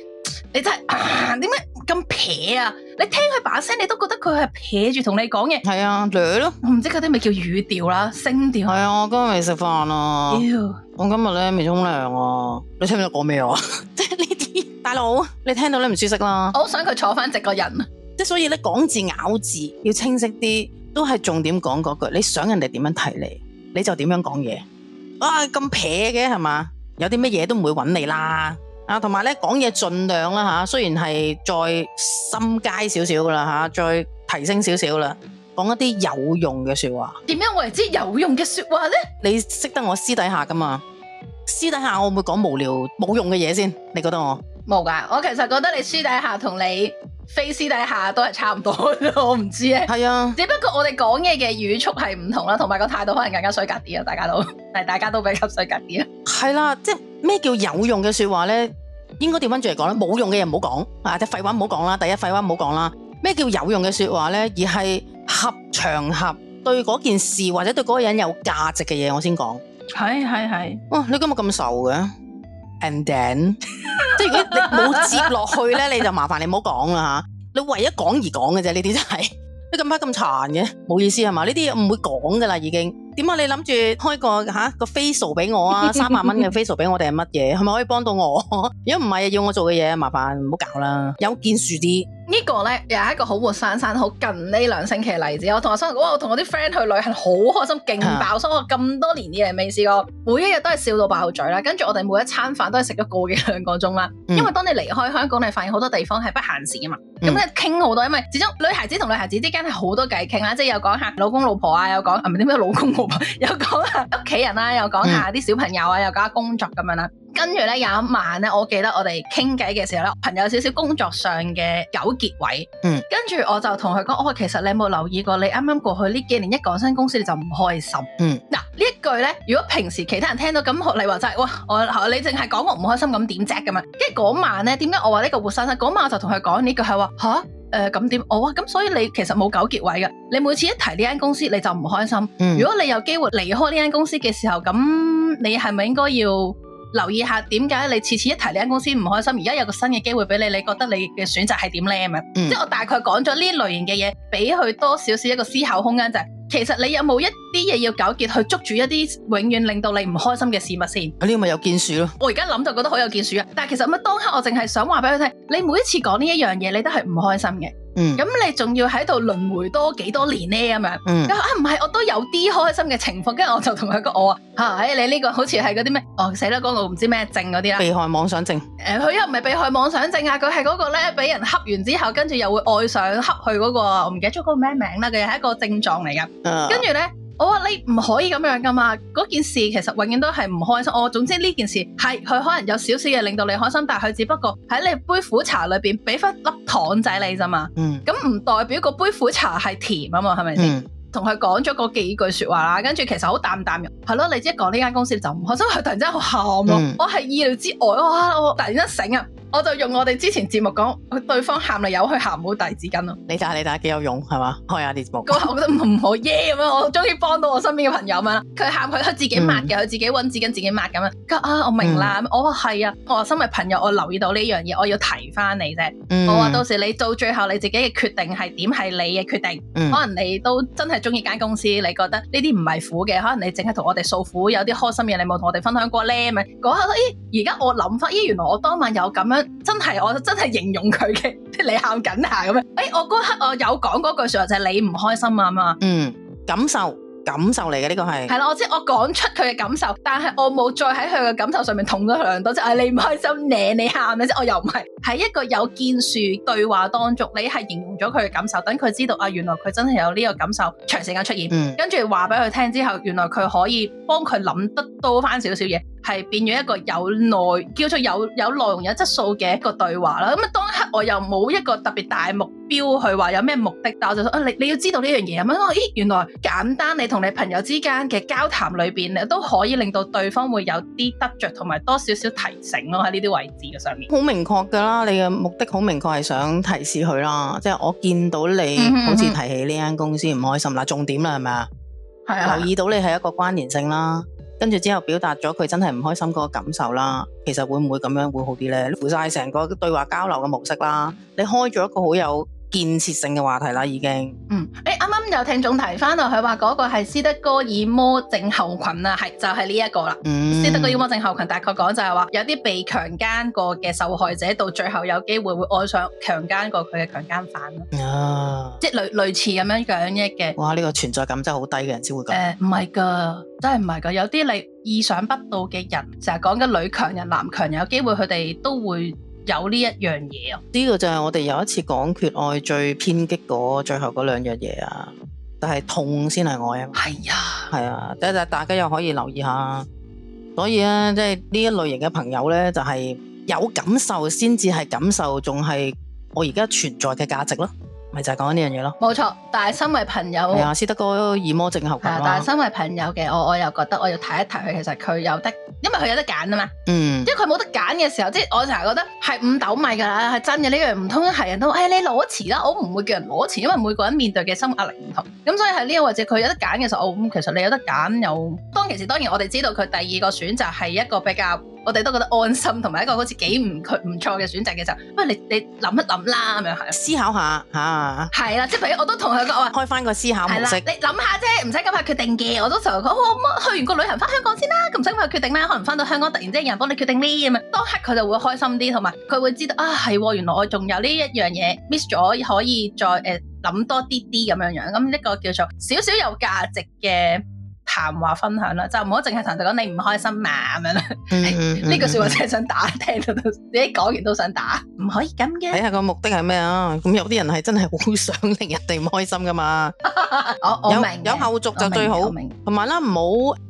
你真係點解咁撇啊？你聽佢把聲，你都覺得佢係撇住同你講嘢。係啊，嗲咯。我唔知嗰啲咪叫語調啦，啊，聲調，啊。係啊，我今日未食飯啊。呦我今日咧未沖涼啊。你聽唔到講咩啊？即係呢啲大佬，你聽到你唔舒適啦。我好想佢坐翻直個人。即係所以咧，講字咬字要清晰啲，都係重點講嗰句。你想人哋點樣睇你，你就點樣講嘢。啊，咁撇嘅係嘛？有啲乜嘢都唔會揾你啦。啊，同埋咧，講嘢盡量啦吓，雖然係再心佳少少噶啦吓，再提升少少啦，講一啲有用嘅說話。點樣為之有用嘅說話咧？你識得我私底下噶嘛？私底下我會講無聊冇用嘅嘢先，你覺得我？冇噶，我其實覺得你私底下同你。face 私底下都係差唔多，我唔知咧。係啊，只不過我哋講嘢嘅語速係唔同啦，同埋個態度可能更加衰格啲啊！大家都，但 係大家都比較衰格啲啊。係啦，即係咩叫有用嘅說話咧？應該點返住嚟講咧？冇用嘅嘢唔好講啊，即係廢話唔好講啦。第一廢話唔好講啦。咩叫有用嘅說話咧？而係合場合對嗰件事或者對嗰個人有價值嘅嘢，我先講。係係係。哇、啊，你今日咁愁嘅。and 即係如果你冇接落去咧， 你就麻煩你唔好講啦吓。你為咗講而講嘅啫，呢啲真係，你咁閪咁殘嘅，冇意思係嘛？呢啲嘢唔會講㗎啦，已經。點解你諗住開個吓、啊、個 facial 俾我啊？三萬蚊嘅 facial 俾我哋係乜嘢？係咪可以幫到我？如果唔係要我做嘅嘢，麻煩唔好搞啦。有建樹啲。個呢個咧又係一個好活生生、好近呢兩星期嘅例子。我同阿生，哇！我同我啲 friend 去旅行，好開心，勁爆，所以我咁多年以嚟未試過。每一日都係笑到爆嘴啦。跟住我哋每一餐飯都係食咗個幾兩個鐘啦。因為當你離開香港，你發現好多地方係不限時啊嘛。咁、嗯、你傾好多，因為始終女孩子同女孩子之間係好多偈傾啦。即係又講下老公老婆啊，又講啊唔係咩老公老婆，又 講下屋企人啦、啊，又講下啲小朋友啊，嗯、又講下工作咁樣啦。跟住咧有一晚咧，我記得我哋傾偈嘅時候咧，朋友少少工作上嘅糾結位。嗯。跟住我就同佢講：我其實你有冇留意過？你啱啱過去呢幾年，一講新公司你就唔開心。嗯。嗱呢一句咧，如果平時其他人聽到，咁學你話齋，哇！我你淨係講我唔開心，咁點啫？咁啊。跟住嗰晚咧，點解我話呢個活生生？嗰晚我就同佢講呢句，係話嚇，誒咁點？我咁所以你其實冇糾結位嘅，你每次一提呢間公司你就唔開心。嗯。如果你有機會離開呢間公司嘅時候，咁你係咪應該要？留意下點解你次次一提呢間公司唔開心，而家有個新嘅機會俾你，你覺得你嘅選擇係點呢？咁啊，即係我大概講咗呢類型嘅嘢，俾佢多少少一個思考空間，就係，就係其實你有冇一啲嘢要糾結，去捉住一啲永遠令到你唔開心嘅事物先。呢啲咪有見樹咯。我而家諗就覺得好有見樹啊，但係其實咪當刻我淨係想話俾佢聽，你每一次講呢一樣嘢，你都係唔開心嘅。咁、嗯、你仲要喺度輪迴多幾多年呢？咁樣、嗯？啊唔係，我都有啲開心嘅情況，跟住我就同佢講我啊吓，喺、啊、你呢個好似係嗰啲咩？哦，死啦，嗰、那個唔知咩症嗰啲啦。被害妄想症。誒、呃，佢又唔係被害妄想症啊，佢係嗰個咧，俾人恰完之後，跟住又會愛上恰佢嗰個，我唔記得咗嗰個咩名啦。佢係一個症狀嚟嘅，啊、跟住咧。我話你唔可以咁樣噶嘛，嗰件事其實永遠都係唔開心。我、哦、總之呢件事係佢可能有少少嘢令到你開心，但係佢只不過喺你杯苦茶裏邊俾翻粒糖仔你咋嘛？咁唔、嗯、代表個杯苦茶係甜啊嘛？係咪先？同佢講咗嗰幾句說話啦，跟住其實好淡淡嘅。係咯，你一講呢間公司就唔開心，佢突然之間好喊咯，我係、嗯、意料之外哇，我突然間醒啊！我就用我哋之前節目講，對方喊嚟有去喊冇帶紙巾咯。你睇下，你睇下幾有用係嘛？開下啲節目。嗰下 我覺得唔好耶咁樣，yeah! 我終於幫到我身邊嘅朋友嘛。佢喊佢自己抹嘅，佢、嗯、自己搵紙巾自己抹咁樣。啊，我明啦。嗯、我話係啊，我話身為朋友，我留意到呢樣嘢，我要提翻你啫。嗯、我話到時你到最後你自己嘅決定係點係你嘅決定。嗯、可能你都真係中意間公司，你覺得呢啲唔係苦嘅。可能你淨係同我哋訴苦，有啲開心嘢你冇同我哋分享過咧。咁樣嗰刻咦，而家我諗翻，咦，原來我當晚有咁樣。真係我真係形容佢嘅，即係你喊緊下咁樣。誒、哎，我嗰刻我有講嗰句說話就係、是，你唔開心啊嘛。嗯，感受感受嚟嘅呢個係。係啦，我即係我講出佢嘅感受，但係我冇再喺佢嘅感受上面捅咗佢兩刀，即、就、係、是，你唔開心，惹你喊嘅。即我又唔係喺一個有建樹對話當中，你係形容咗佢嘅感受，等佢知道啊，原來佢真係有呢個感受，長時間出現，嗯、跟住話俾佢聽之後，原來佢可以幫佢諗得多翻少少嘢。係變咗一個有內，叫做有有內容、有質素嘅一個對話啦。咁啊，當刻我又冇一個特別大目標去話有咩目的，但我就想：「啊，你你要知道呢樣嘢咁樣。咦、啊，原來簡單，你同你朋友之間嘅交談裏邊，你都可以令到對方會有啲得着同埋多少少提醒咯。喺呢啲位置嘅上面，好明確㗎啦。你嘅目的好明確，係想提示佢啦。即係我見到你好似提起呢間公司唔開心，嗱，重點啦，係咪啊？係啊。留意到你係一個關聯性啦。跟住之後表達咗佢真係唔開心嗰個感受啦，其實會唔會咁樣會好啲呢？換曬成個對話交流嘅模式啦，你開咗一個好有建設性嘅話題啦，已經。嗯，誒啱啱有聽眾提翻啦佢話嗰個係斯德哥爾摩症候群啊，係就係呢一個啦。嗯、斯德哥爾摩症候群大概講就係話有啲被強姦過嘅受害者，到最後有機會會愛上強姦過佢嘅強姦犯咯。啊，嗯、即係類類似咁樣講嘅。哇，呢、呢個存在感真係好低嘅人先會咁。誒、呃，唔係㗎，真係唔係㗎，有啲你意想不到嘅人，成日講緊女強人、男強人，有機會佢哋都會。有呢一樣嘢啊！呢個就係我哋有一次講缺愛最偏激嗰最後嗰兩樣嘢啊！但係痛先係愛啊！係啊，係啊，即係大家又可以留意下。所以咧，即係呢一類型嘅朋友咧，就係有感受先至係感受，仲係我而家存在嘅價值咯。咪就係講呢樣嘢咯，冇錯。但係身為朋友，係啊，斯德哥爾摩症候群、啊。但係身為朋友嘅我，我又覺得我要睇一睇佢。其實佢有得，因為佢有得揀啊嘛。嗯，因為佢冇得揀嘅時候，即係我成日覺得係五斗米噶啦，係真嘅呢樣唔通係人都誒、哎、你攞錢啦，我唔會叫人攞錢，因為每個人面對嘅生活壓力唔同。咁、嗯、所以喺呢個位置，佢有得揀嘅時候，咁、哦、其實你有得揀又當其時。當，時當然，我哋知道佢第二個選擇係一個比較。我哋都覺得安心，同埋一個好似幾唔唔錯嘅選擇嘅時候，不如你你諗一諗啦，咁樣思考下嚇。係、啊、啦，即係譬如我都同佢講話，開翻個思考模式。你諗下啫，唔使咁快決定嘅。我都成日講，我去完個旅行翻香港先啦，咁唔使咁快決定啦。可能翻到香港，突然之間有人幫你決定呢咁樣，當刻佢就會開心啲，同埋佢會知道啊，係原來我仲有呢一樣嘢 miss 咗，可以再誒諗、呃、多啲啲咁樣樣。咁一個叫做少少有價值嘅。談話分享啦，就唔好淨係談就講你唔開心嘛咁樣啦。呢句、嗯嗯嗯嗯、 說話真係想打，聽到自己講完都想打，唔可以咁嘅。睇下個目的係咩啊？咁有啲人係真係好想令人哋唔開心噶嘛。 我有明有後續就最好，同埋啦，唔好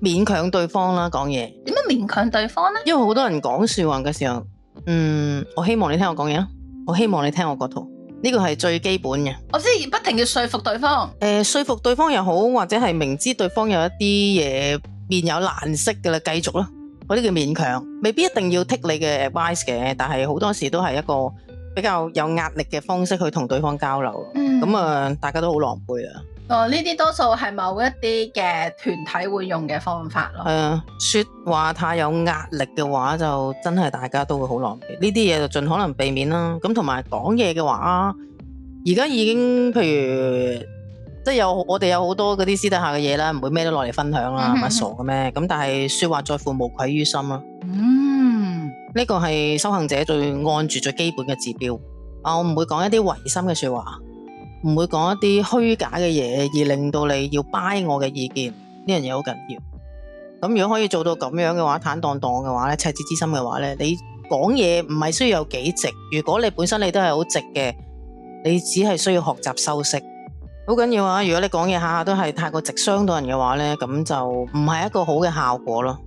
勉強對方啦。講嘢點樣勉強對方咧？因為好多人講說話嘅時候，嗯，我希望你聽我講嘢啊，我希望你聽我嗰套。呢個係最基本嘅，我知不停要説服對方。誒、呃，説服對方又好，或者係明知對方有一啲嘢面有難色嘅啦，繼續咯，嗰啲叫勉強，未必一定要 take 你嘅 advice 嘅。但係好多時都係一個比較有壓力嘅方式去同對方交流。咁啊、嗯嗯，大家都好狼狽啊！哦，呢啲多數係某一啲嘅團體會用嘅方法咯。係啊，說話太有壓力嘅話，就真係大家都會好狼狽。呢啲嘢就盡可能避免啦。咁同埋講嘢嘅話，而家已經，譬如即係有我哋有好多嗰啲私底下嘅嘢啦，唔會咩都落嚟分享啦，咁係、嗯、哼咪傻嘅咩？咁但係說話在乎無愧於心啦、啊。嗯，呢個係修行者最按住最基本嘅指標。啊，我唔會講一啲違心嘅說話。唔會講一啲虛假嘅嘢，而令到你要掰我嘅意見。呢樣嘢好緊要。咁如果可以做到咁樣嘅話，坦蕩蕩嘅話咧，赤子之心嘅話咧，你講嘢唔係需要有幾直。如果你本身你都係好直嘅，你只係需要學習修飾。好緊要啊！如果你講嘢下下都係太過直，傷到人嘅話咧，咁就唔係一個好嘅效果咯。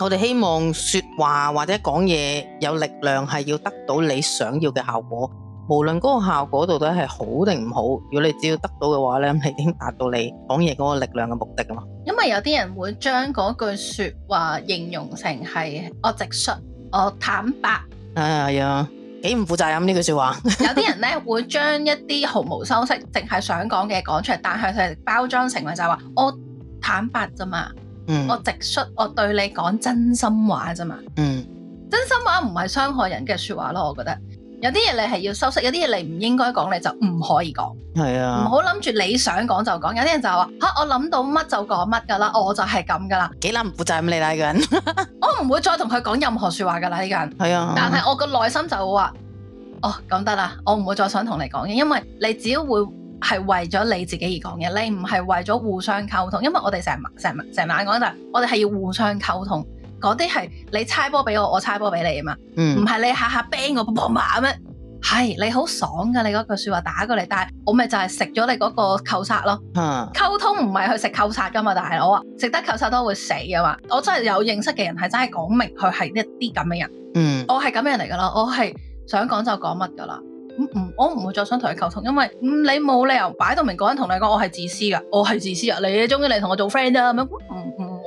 我哋希望說話或者講嘢有力量，係要得到你想要嘅效果。無論嗰個效果到底係好定唔好，如果你只要得到嘅話咧，你已經達到你講嘢嗰個力量嘅目的啊嘛。因為有啲人會將嗰句説話形容成係我直率，我坦白。係啊、哎，幾唔負責任呢句説話。 有啲人咧會將一啲毫無修飾、淨係想講嘅講出嚟，但係佢包裝成為就係話我坦白咋嘛。嗯。我直率，我對你講真心話咋嘛。嗯。真心話唔係傷害人嘅説話咯，我覺得。有啲嘢你係要收息，有啲嘢你唔應該講，你就唔可以講。係啊，唔好諗住你想講就講。有啲人就話嚇、啊，我諗到乜就講乜噶啦，我就係咁噶啦。幾撚唔負責任你，啦？呢個人， 我唔會再同佢講任何説話噶啦，呢、這個人。係啊，嗯、但係我個內心就話，哦咁得啦，我唔會再想同你講嘢，因為你只要會係為咗你自己而講嘢，你唔係為咗互相溝通。因為我哋成成成晚講就我哋係要互相溝通。嗰啲係你猜波俾我，我猜波俾你啊、嗯、嘛，唔係你下下 ban 我 boom boom boom 咩？係你好爽噶，你嗰句說話打過嚟，但係我咪就係食咗你嗰個扣殺咯。溝、啊、通唔係去食扣殺噶嘛，但係我話食得扣殺都會死噶嘛。我真係有認識嘅人係真係講明佢係一啲咁嘅人。嗯、我係咁嘅人嚟噶啦，我係想講就講乜噶啦。我唔會再想同佢溝通，因為、嗯、你冇理由擺到明嗰人同你講我係自私噶，我係自私你你啊，你終於嚟同我做 friend 啦。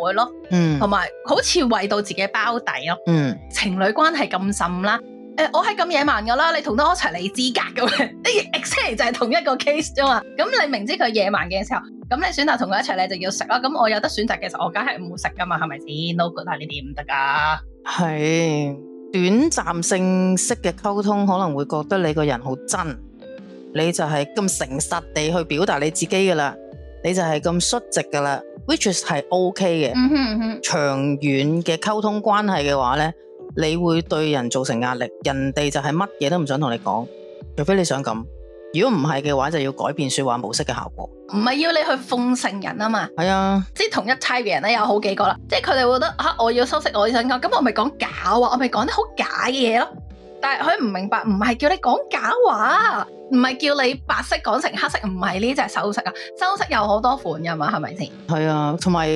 會咯，嗯，同埋好似為到自己包底咯，嗯，情侶關係咁深啦，誒、欸，我係咁野蠻噶啦，你同得我一齊你資格噶咩？呢個 exactly 就係同一個 case 啫嘛，咁你明知佢野蠻嘅時候，咁你選擇同佢一齊你就要食啦，咁我有得選擇嘅時候，我梗係唔會食噶嘛，係咪先？no good 啊，呢啲唔得噶。係短暫性式嘅溝通，可能會覺得你個人好真，你就係咁誠實地去表達你自己噶啦，你就係咁率直噶啦。which is 係 O K 嘅，hmm, mm hmm. 長遠嘅溝通關係嘅話呢，你會對人造成壓力，人哋就係乜嘢都唔想同你講，除非你想咁，如果唔係嘅話就要改變說話模式嘅效果，唔係要你去奉承人啊嘛，係啊，即係同一 type 人咧有好幾個啦，即係佢哋會覺得吓、啊，我要修飾我啲性格，咁我咪講假話，我咪講啲好假嘅嘢咯。但係佢唔明白，唔係叫你講假話，唔係叫你白色講成黑色，唔係呢隻修飾啊，修飾有好多款噶嘛，係咪先？係啊，同埋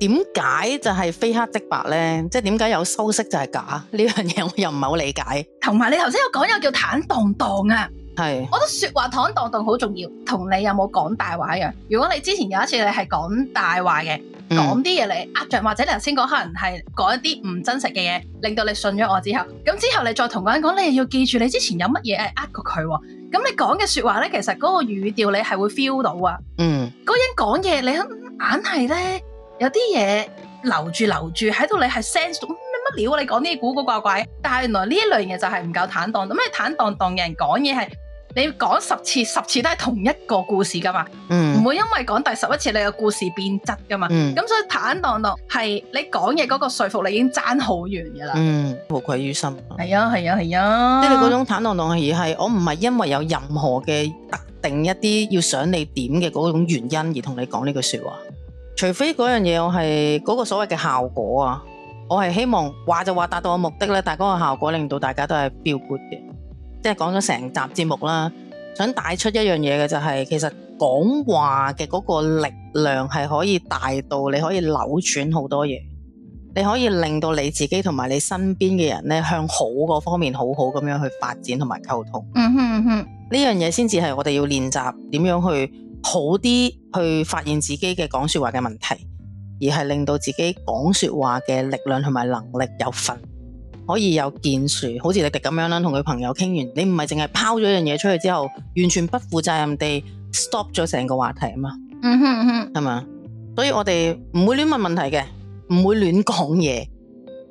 點解就係非黑即白咧？即係點解有修飾就係假呢樣嘢？這個，我又唔係好理解。同埋你頭先有講有叫坦蕩蕩，蕩啊！係，是我覺得説話坦蕩蕩好重要，同你有冇講大話一樣。如果你之前有一次你係講大話嘅，講啲嘢你呃着，或者你頭先講可能係講一啲唔真實嘅嘢，令到你信咗我之後，咁之後你再同嗰人講，你又要記住你之前有乜嘢係呃過佢。咁你講嘅説話咧，其實嗰個語調你係會 feel 到啊。嗯，嗰人講嘢你硬係咧，有啲嘢留住留住，喺度、嗯，你係 sense 乜乜料啊？你講啲古古怪怪，但係原來呢一類嘢就係唔夠坦蕩。咁你坦蕩蕩嘅人講嘢係？你講十次十次都係同一個故事噶嘛，唔會因為講第十一次你個故事變質噶嘛，咁所以坦蕩蕩係你講嘢嗰個說服力已經爭好遠噶啦，無愧於心。係啊係啊係啊，即係嗰種坦蕩蕩而係我唔係因為有任何嘅特定一啲要想你點嘅嗰種原因而同你講呢句說話，除非嗰樣嘢我係嗰個所謂嘅效果啊，我係希望話就話達到我目的咧，但係嗰個效果令到大家都係標闊嘅。即係講咗成集節目啦，想帶出一樣嘢嘅就係、是，其實講話嘅嗰個力量係可以大到，你可以扭轉好多嘢，你可以令到你自己同埋你身邊嘅人咧向好嗰方面好好咁樣去發展同埋溝通。嗯哼，嗯哼，呢樣嘢先至係我哋要練習點樣去好啲去發現自己嘅講說話嘅問題，而係令到自己講說話嘅力量同埋能力有份。可以有建樹，好似廸廸咁樣啦，同佢朋友傾完，你唔係淨係拋咗樣嘢出去之後，完全不負責任地 stop 咗成個話題啊嘛，嗯哼，嗯哼，係嘛？所以我哋唔會亂問問題嘅，唔會亂講嘢，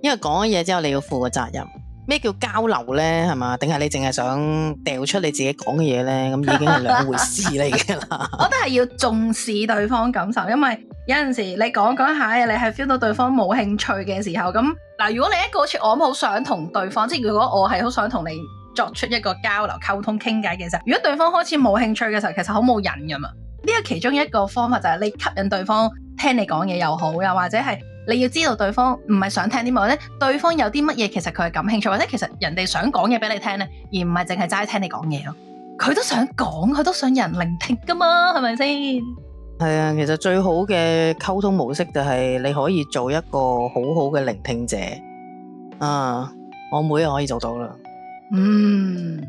因為講咗嘢之後你要負個責任。咩叫交流呢？係嘛？定係你淨係想掉出你自己講嘅嘢呢？咁已經係兩回事嚟嘅啦。 我都係要重視對方感受，因為有陣時你講講下，你係 feel 到對方冇興趣嘅時候，咁嗱，如果你一個好似我咁好想同對方，即係如果我係好想同你作出一個交流、溝通、傾偈嘅時候，如果對方開始冇興趣嘅時候，其實好冇癮㗎嘛。呢、這、一個其中一個方法就係你吸引對方聽你講嘢又好，又或者係。你要知道對方唔係想聽啲乜嘢，對方有啲乜嘢其實佢係感興趣，或者其實人哋想講嘢俾你聽，而唔係淨係齋聽你講嘢咯。佢都想講，佢都想有人聆聽噶嘛，係咪先？係啊，其實最好嘅溝通模式就係你可以做一個好好嘅聆聽者啊！我妹可以做到啦。嗯，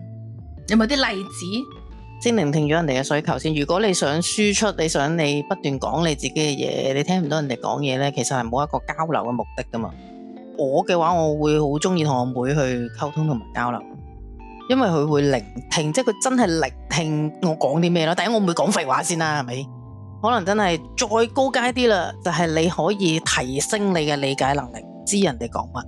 有冇啲例子？先聆聽咗人哋嘅需求先。如果你想輸出，你想你不斷講你自己嘅嘢，你聽唔到人哋講嘢咧，其實係冇一個交流嘅目的㗎嘛。我嘅話，我會好鍾意同我妹妹去溝通同埋交流，因為佢會聆聽，即係佢真係聆聽我講啲咩咯。第一，我唔會講廢話先啦，係咪？可能真係再高階啲啦，就係你可以提升你嘅理解能力，知人哋講乜。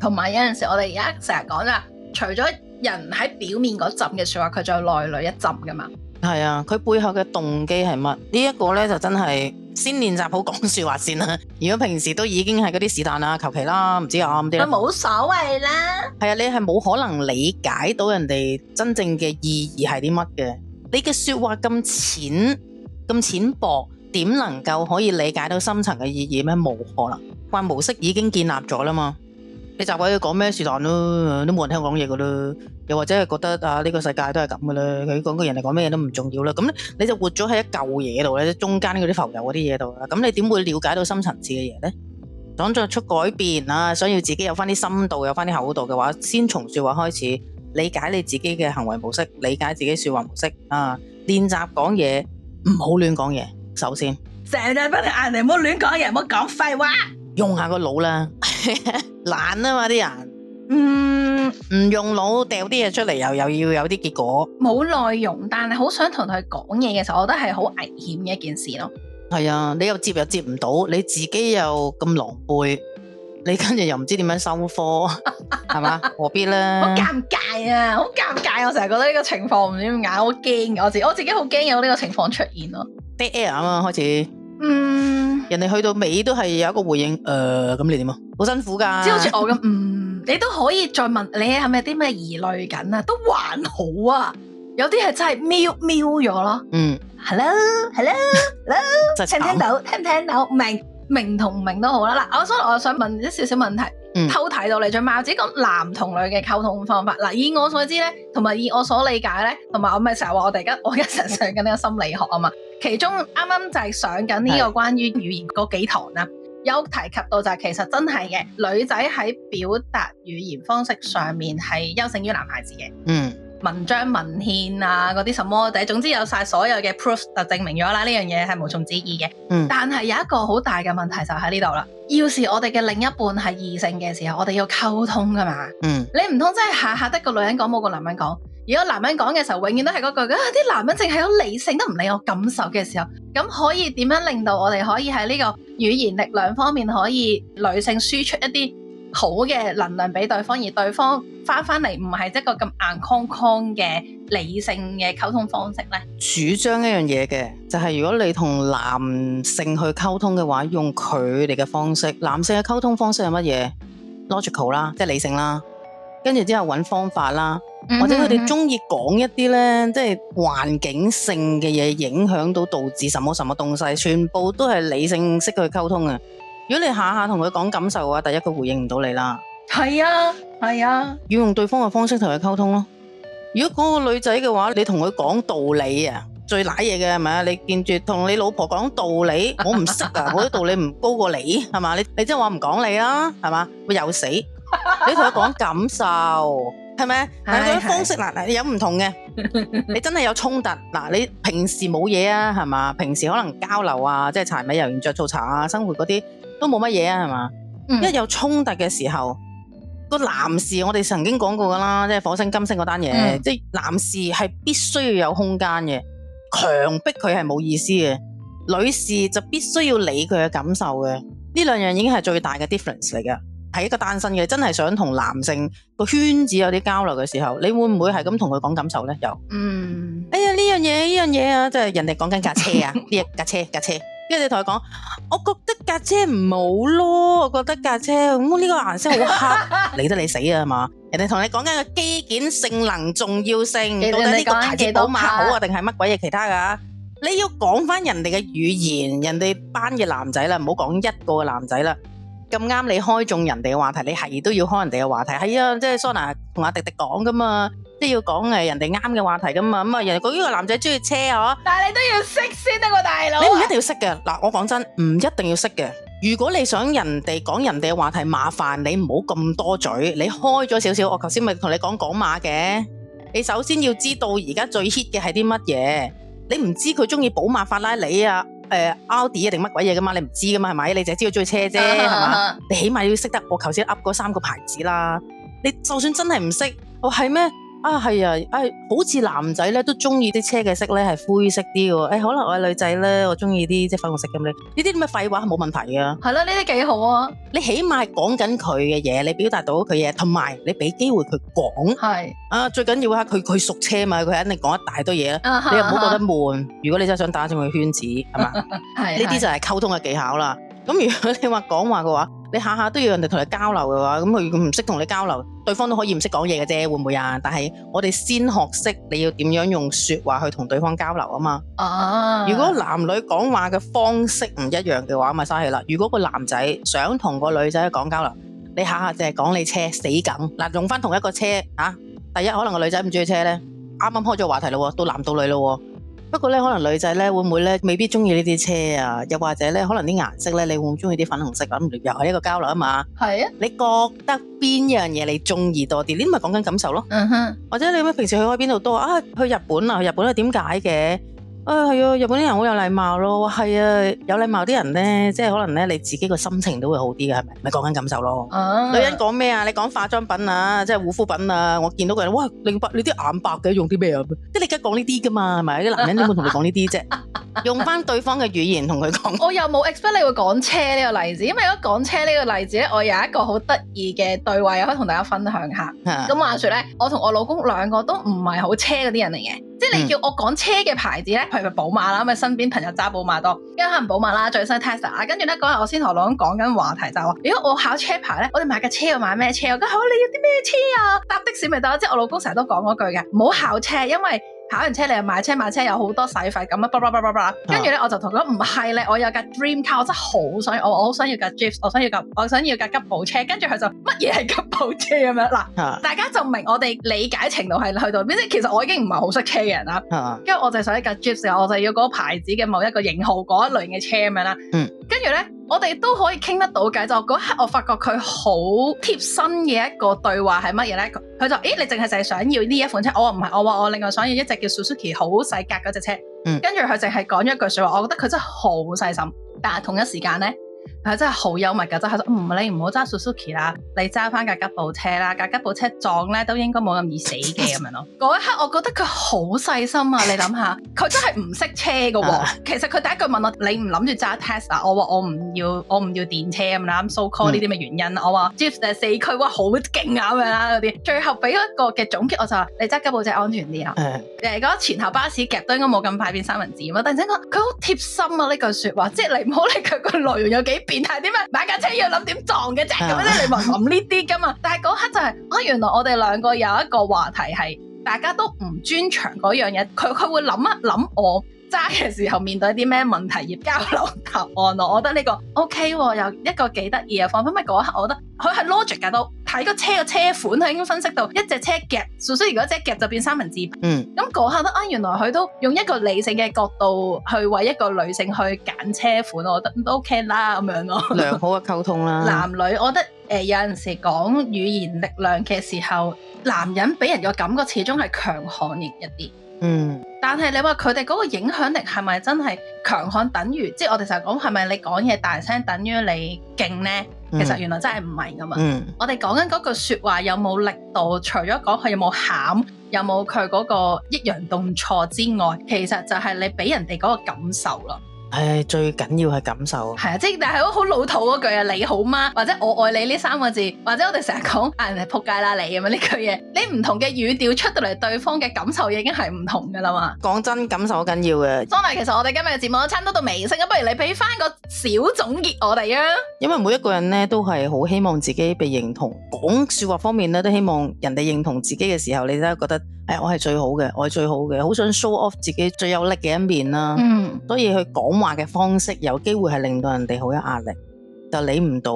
同埋有陣時，我哋而家成日講啦，除咗。人喺表面嗰浸嘅說話，佢再內裏一浸噶嘛？係啊，佢背後嘅動機係乜？呢一個呢，就真係先練習好講說話先啦。如果平時都已經係嗰啲是但啦，求其啦，唔知啱唔啱都冇所謂啦。係啊，你係冇可能理解到人哋真正嘅意義係啲乜嘅？你嘅說話咁淺咁淺薄，點能夠可以理解到深層嘅意義咩？冇可能，話模式已經建立咗啦嘛。你習慣要講咩是但咯，都冇人聽我講嘢噶啦。又或者係覺得啊，呢、這個世界都係咁噶啦。佢講個人嚟講咩都唔重要啦。咁、嗯、你就活咗喺一嚿嘢度咧，中間嗰啲浮游嗰啲嘢度啦。咁、嗯、你點會了解到深層次嘅嘢咧？想作出改變啊，想要自己有翻啲深度，有翻啲厚度嘅話，先從說話開始，理解你自己嘅行為模式，理解自己說話模式啊，練習講嘢，唔好亂講嘢，首先。成日都俾你嗌你唔好亂講嘢，唔好講廢話。用下個腦啦，懶 啊嘛啲人，嗯，唔用腦掉啲嘢出嚟，又又要有啲結果，冇內容，但係好想同佢講嘢嘅時候，我覺得係好危險嘅一件事咯。係啊，你又接又接唔到，你自己又咁狼狽，你跟住又唔知點樣收科，係嘛？ 何必咧？好尷尬啊！好尷尬，我成日覺得呢個情況唔知點解，我好驚，我自我自己好驚有呢個情況出現咯。啲 air 啊嘛，開始。嗯，人哋去到尾都係有一個回應，誒、呃，咁你點啊？好辛苦㗎，即係好似我咁。 嗯，你都可以再問，你係咪有啲咩疑慮緊啊？都還好啊，有啲係真係喵喵咗咯。嗯，Hello，Hello，Hello，聽唔聽到，聽唔聽到，明明同唔明都好啦。嗱、啊，我所以我想問一少少問題。嗯、偷睇到你同埋子，講男同女嘅溝通方法。嗱，以我所知咧，同埋以我所理解咧，同埋我咪成日話我哋而家我而家成上緊呢個心理學啊嘛， 其中啱啱就係上緊呢個關於語言嗰幾堂啦，有提及到就係其實真係嘅，女仔喺表達語言方式上面係優勝於男孩子嘅。嗯。文章文獻啊，嗰啲什麼，嘅，總之有晒所有嘅 proof 就證明咗啦，呢樣嘢係無從置疑嘅。嗯，但係有一個好大嘅問題就喺呢度啦。要是我哋嘅另一半係異性嘅時候，我哋要溝通噶嘛。嗯，你唔通真係下下得個女人講冇個男人講？如果男人講嘅時候，永遠都係嗰句啊，啲男人淨係好理性，都唔理我感受嘅時候，咁可以點樣令到我哋可以喺呢個語言力量方面可以女性輸出一啲？好嘅能量俾對方，而對方翻翻嚟唔係一個咁硬抗抗嘅理性嘅溝通方式呢。主張一樣嘢嘅就係、是，如果你同男性去溝通嘅話，用佢哋嘅方式。男性嘅溝通方式係乜嘢？logical 啦，即係理性啦。跟住之後揾方法啦，或者佢哋中意講一啲呢，即係環境性嘅嘢影響到導致什麼什麼東西，全部都係理性式去溝通嘅。如果你下下同佢講感受嘅話，第一佢回應唔到你啦。係啊，係啊，要用對方嘅方式同佢溝通咯。如果嗰個女仔嘅話，你同佢講道理啊，最瀨嘢嘅係咪啊？你見住同你老婆講道理，我唔識啊，我啲道理唔高過你係嘛？你你即係話唔講你啦，係嘛？會又死。你同佢講感受係咪？但係嗰啲方式嗱，有唔同嘅。你真係有衝突嗱，你平時冇嘢啊，係嘛？平時可能交流啊，即係柴米油鹽、着、醋、茶啊，生活嗰啲。都冇乜嘢啊，係嘛？嗯、一有衝突嘅時候，個男士我哋曾經講過㗎啦，即係火星金星嗰單嘢，嗯、即係男士係必須要有空間嘅，強迫佢係冇意思嘅。女士就必須要理佢嘅感受嘅。呢兩樣已經係最大嘅 difference 嚟嘅，係一個單身嘅真係想同男性個圈子有啲交流嘅時候，你會唔會係咁同佢講感受呢？有，嗯，哎呀呢樣嘢呢樣嘢啊，即係人哋講緊架車啊，架車架車。跟住同佢講，我覺得架車唔好咯，我覺得架車，嗯呢、這個顏色好黑，理 得你死啊嘛！人哋同你講緊個機件性能重要性，得到底呢個排氣管好啊，定係乜鬼嘢其他噶？你要講翻人哋嘅語言，人哋班嘅男仔啦，唔好講一個男仔啦，咁啱你開中人哋嘅話題，你係都要開人哋嘅話題，係、哎、啊，即係 Sona 同阿廸廸講噶嘛。都要講誒人哋啱嘅話題噶嘛，咁啊人哋講呢個男仔中意車哦，但係你都要識先得個大佬。你唔一定要識嘅，嗱我講真，唔一定要識嘅。如果你想人哋講人哋嘅話題，麻煩你唔好咁多嘴。你開咗少少，我頭先咪同你講講馬嘅。你首先要知道而家最 hit 嘅係啲乜嘢。你唔知佢中意寶馬、法拉利啊、誒奧迪啊定乜鬼嘢噶嘛？你唔知噶嘛係咪？你淨係知道中意車啫係嘛？你起碼要識得我頭先噏嗰三個牌子啦。你就算真係唔識，我係咩？啊，係啊，誒、啊，好似男仔咧都中意啲車嘅色咧係灰色啲喎，可、欸、能我係女仔咧我中意啲即係粉紅色咁咧，呢啲咁嘅廢話係冇問題啊，係咯，呢啲幾好啊，你起碼講緊佢嘅嘢，你表達到佢嘢，同埋你俾機會佢講，係是，啊，最緊要啊，佢佢熟車嘛，佢肯定講一大堆嘢啦，的你又唔好覺得悶，的如果你真係想打進佢圈子，係嘛，係，呢啲就係溝通嘅技巧啦。咁如果你說講話講話嘅話，你下下都要人哋同你交流嘅話，咁佢唔識同你交流，對方都可以唔識講嘢嘅啫，會唔會啊？但係我哋先學識你要點樣用說話去同對方交流啊嘛。啊如果男女講話嘅方式唔一樣嘅話，咪嘥氣啦。如果個男仔想同個女仔講交流，你下下淨係講你車死梗，用返同一個車。第一，可能個女仔唔中意車咧，啱啱開咗話題咯，都男到女咯。不過咧，可能女仔咧會唔會咧未必中意呢啲車啊？又或者咧，可能啲顏色咧，你會唔會中意啲粉紅色咁？又係一個交流啊嘛。係啊，你覺得邊一樣嘢你中意多啲？你啲咪講緊感受咯。嗯哼，或者你咩平時去開邊度多啊？去日本啊？去日本係點解嘅？啊，係啊、哎！日本啲人好有禮貌咯，係、哎、啊，有禮貌啲人咧，即係可能咧你自己個心情都會好啲嘅，係咪？咪講緊感受咯。女人講咩啊？你講化妝品啊，即係護膚品啊。我見到佢，哇，你白你啲眼白嘅，用啲咩啊？即係你而家講呢啲㗎嘛，係咪？啲男人點會同你講呢啲啫？ 用翻對方嘅語言同佢講。我又冇 expect 你會講車呢個例子，因為如果講車呢個例子咧，我有一個好得意嘅對話又可以同大家分享下。咁 話說咧，我同我老公兩個都唔係好車嗰啲人嚟嘅，即係你叫我講車嘅牌子咧，譬如寶馬啦，咁啊身邊朋友揸寶馬多，梗係可能寶馬啦，最新 Tesla 啊，跟住咧嗰日我先同老公講緊話題就話，如果我考車牌咧，我哋買架車要買咩車？我講好、哦、你要啲咩車啊？搭的士咪得，即係我老公成日都講嗰句嘅，唔好考車，因為。考完車你又買車買車有好多使費咁啊，巴拉巴拉跟住咧我就同佢唔係咧，我有架 dream car，我真係好想我我好想要架 jeep，我想要架我想要架吉普車，跟住佢就乜嘢係吉普車咁樣嗱，啊、大家就明我哋理解程度係去到，即係其實我已經唔係好識車嘅人啦，跟住、啊、我就想一架 jeep，然後我就要嗰個牌子嘅某一個型號嗰一類型嘅車咁樣啦，跟住咧。嗯我哋都可以傾得到偈，就嗰刻我發覺佢好貼身嘅一個對話係乜嘢咧？佢就誒，你淨係淨係想要呢一款車，我話唔係，我話我另外想要一隻叫 Suzuki 好細格嗰隻車。嗯，跟住佢淨係講咗一句說話，我覺得佢真係好細心，但係同一時間咧。係真係好幽默噶，真、就、係、是，唔、哦、你唔好揸 Suzuki 啦，你揸翻架吉普車啦，架吉普車撞咧都應該冇咁易死嘅咁樣咯。嗰 一刻我覺得佢好細心啊，你諗下，佢真係唔識車噶喎、啊。 其實佢第一句問我，你唔諗住揸 Tesla？我話我唔要，我唔要電車咁啦，I'm so cold 呢啲咁嘅原因 我話 Jeep 就係四驅，哇好勁啊咁樣啦嗰啲。最後俾一個嘅總結，我就話你揸吉普車安全啲啊。誒嗰 前頭巴士夾都應該冇咁快變三文治啊。突然之間佢好貼心啊呢句説話，即係你唔好理佢個內容有幾？係點啊？買架車要諗點撞嘅啫，咁樣咧，你咪諗呢啲噶嘛。但係嗰刻就係、是，哦，原來我哋兩個有一個話題係大家都唔專長嗰樣嘢，佢佢會諗一諗我。揸嘅時候面對啲咩問題要交流答案咯，我覺得呢個 O K 又一個幾得意嘅方法。咪嗰刻我覺得佢係 logic 噶，都睇個車嘅車款，佢已經分析到一隻車夾，所以如果只夾就變三文治。嗯，咁嗰刻咧，啊，原來佢都用一個理性嘅角度去為一個女性去揀車款，我覺得都 O、OK、K 啦咁樣咯。良好嘅、啊、溝通啦，男女我覺得誒、呃、有陣時講語言力量嘅時候，男人俾人嘅感覺始終係強悍型一啲。嗯，但係你話佢哋嗰個影響力係咪真係強悍等於，即係我哋成日講係咪你講嘢大聲等於你勁呢？其實原來真係唔係噶嘛。嗯嗯、我哋講緊嗰句說話有冇力度，除咗講佢有冇喊，有冇佢嗰個抑揚頓挫之外，其實就係你俾人哋嗰個感受啦。係、哎、最緊要係感受，係啊，即係但係好老土嗰句你好嗎或者我愛你呢三個字，或者我哋成日講啊人哋撲街啦你咁啊呢句嘢，你唔同嘅語調出到嚟，對方嘅感受已經係唔同噶啦嘛。講真，感受好緊要嘅。但其實我哋今日嘅節目都差唔多到尾聲，不如你俾翻個小總結我哋啊。因為每一個人呢都係好希望自己被認同，講說話方面呢都希望人哋認同自己嘅時候，你都覺得。哎、我係最好嘅，我係最好嘅，好想 show off 自己最有力嘅一面啦。嗯，所以佢講話嘅方式有機會係令到人哋好有壓力，就理唔到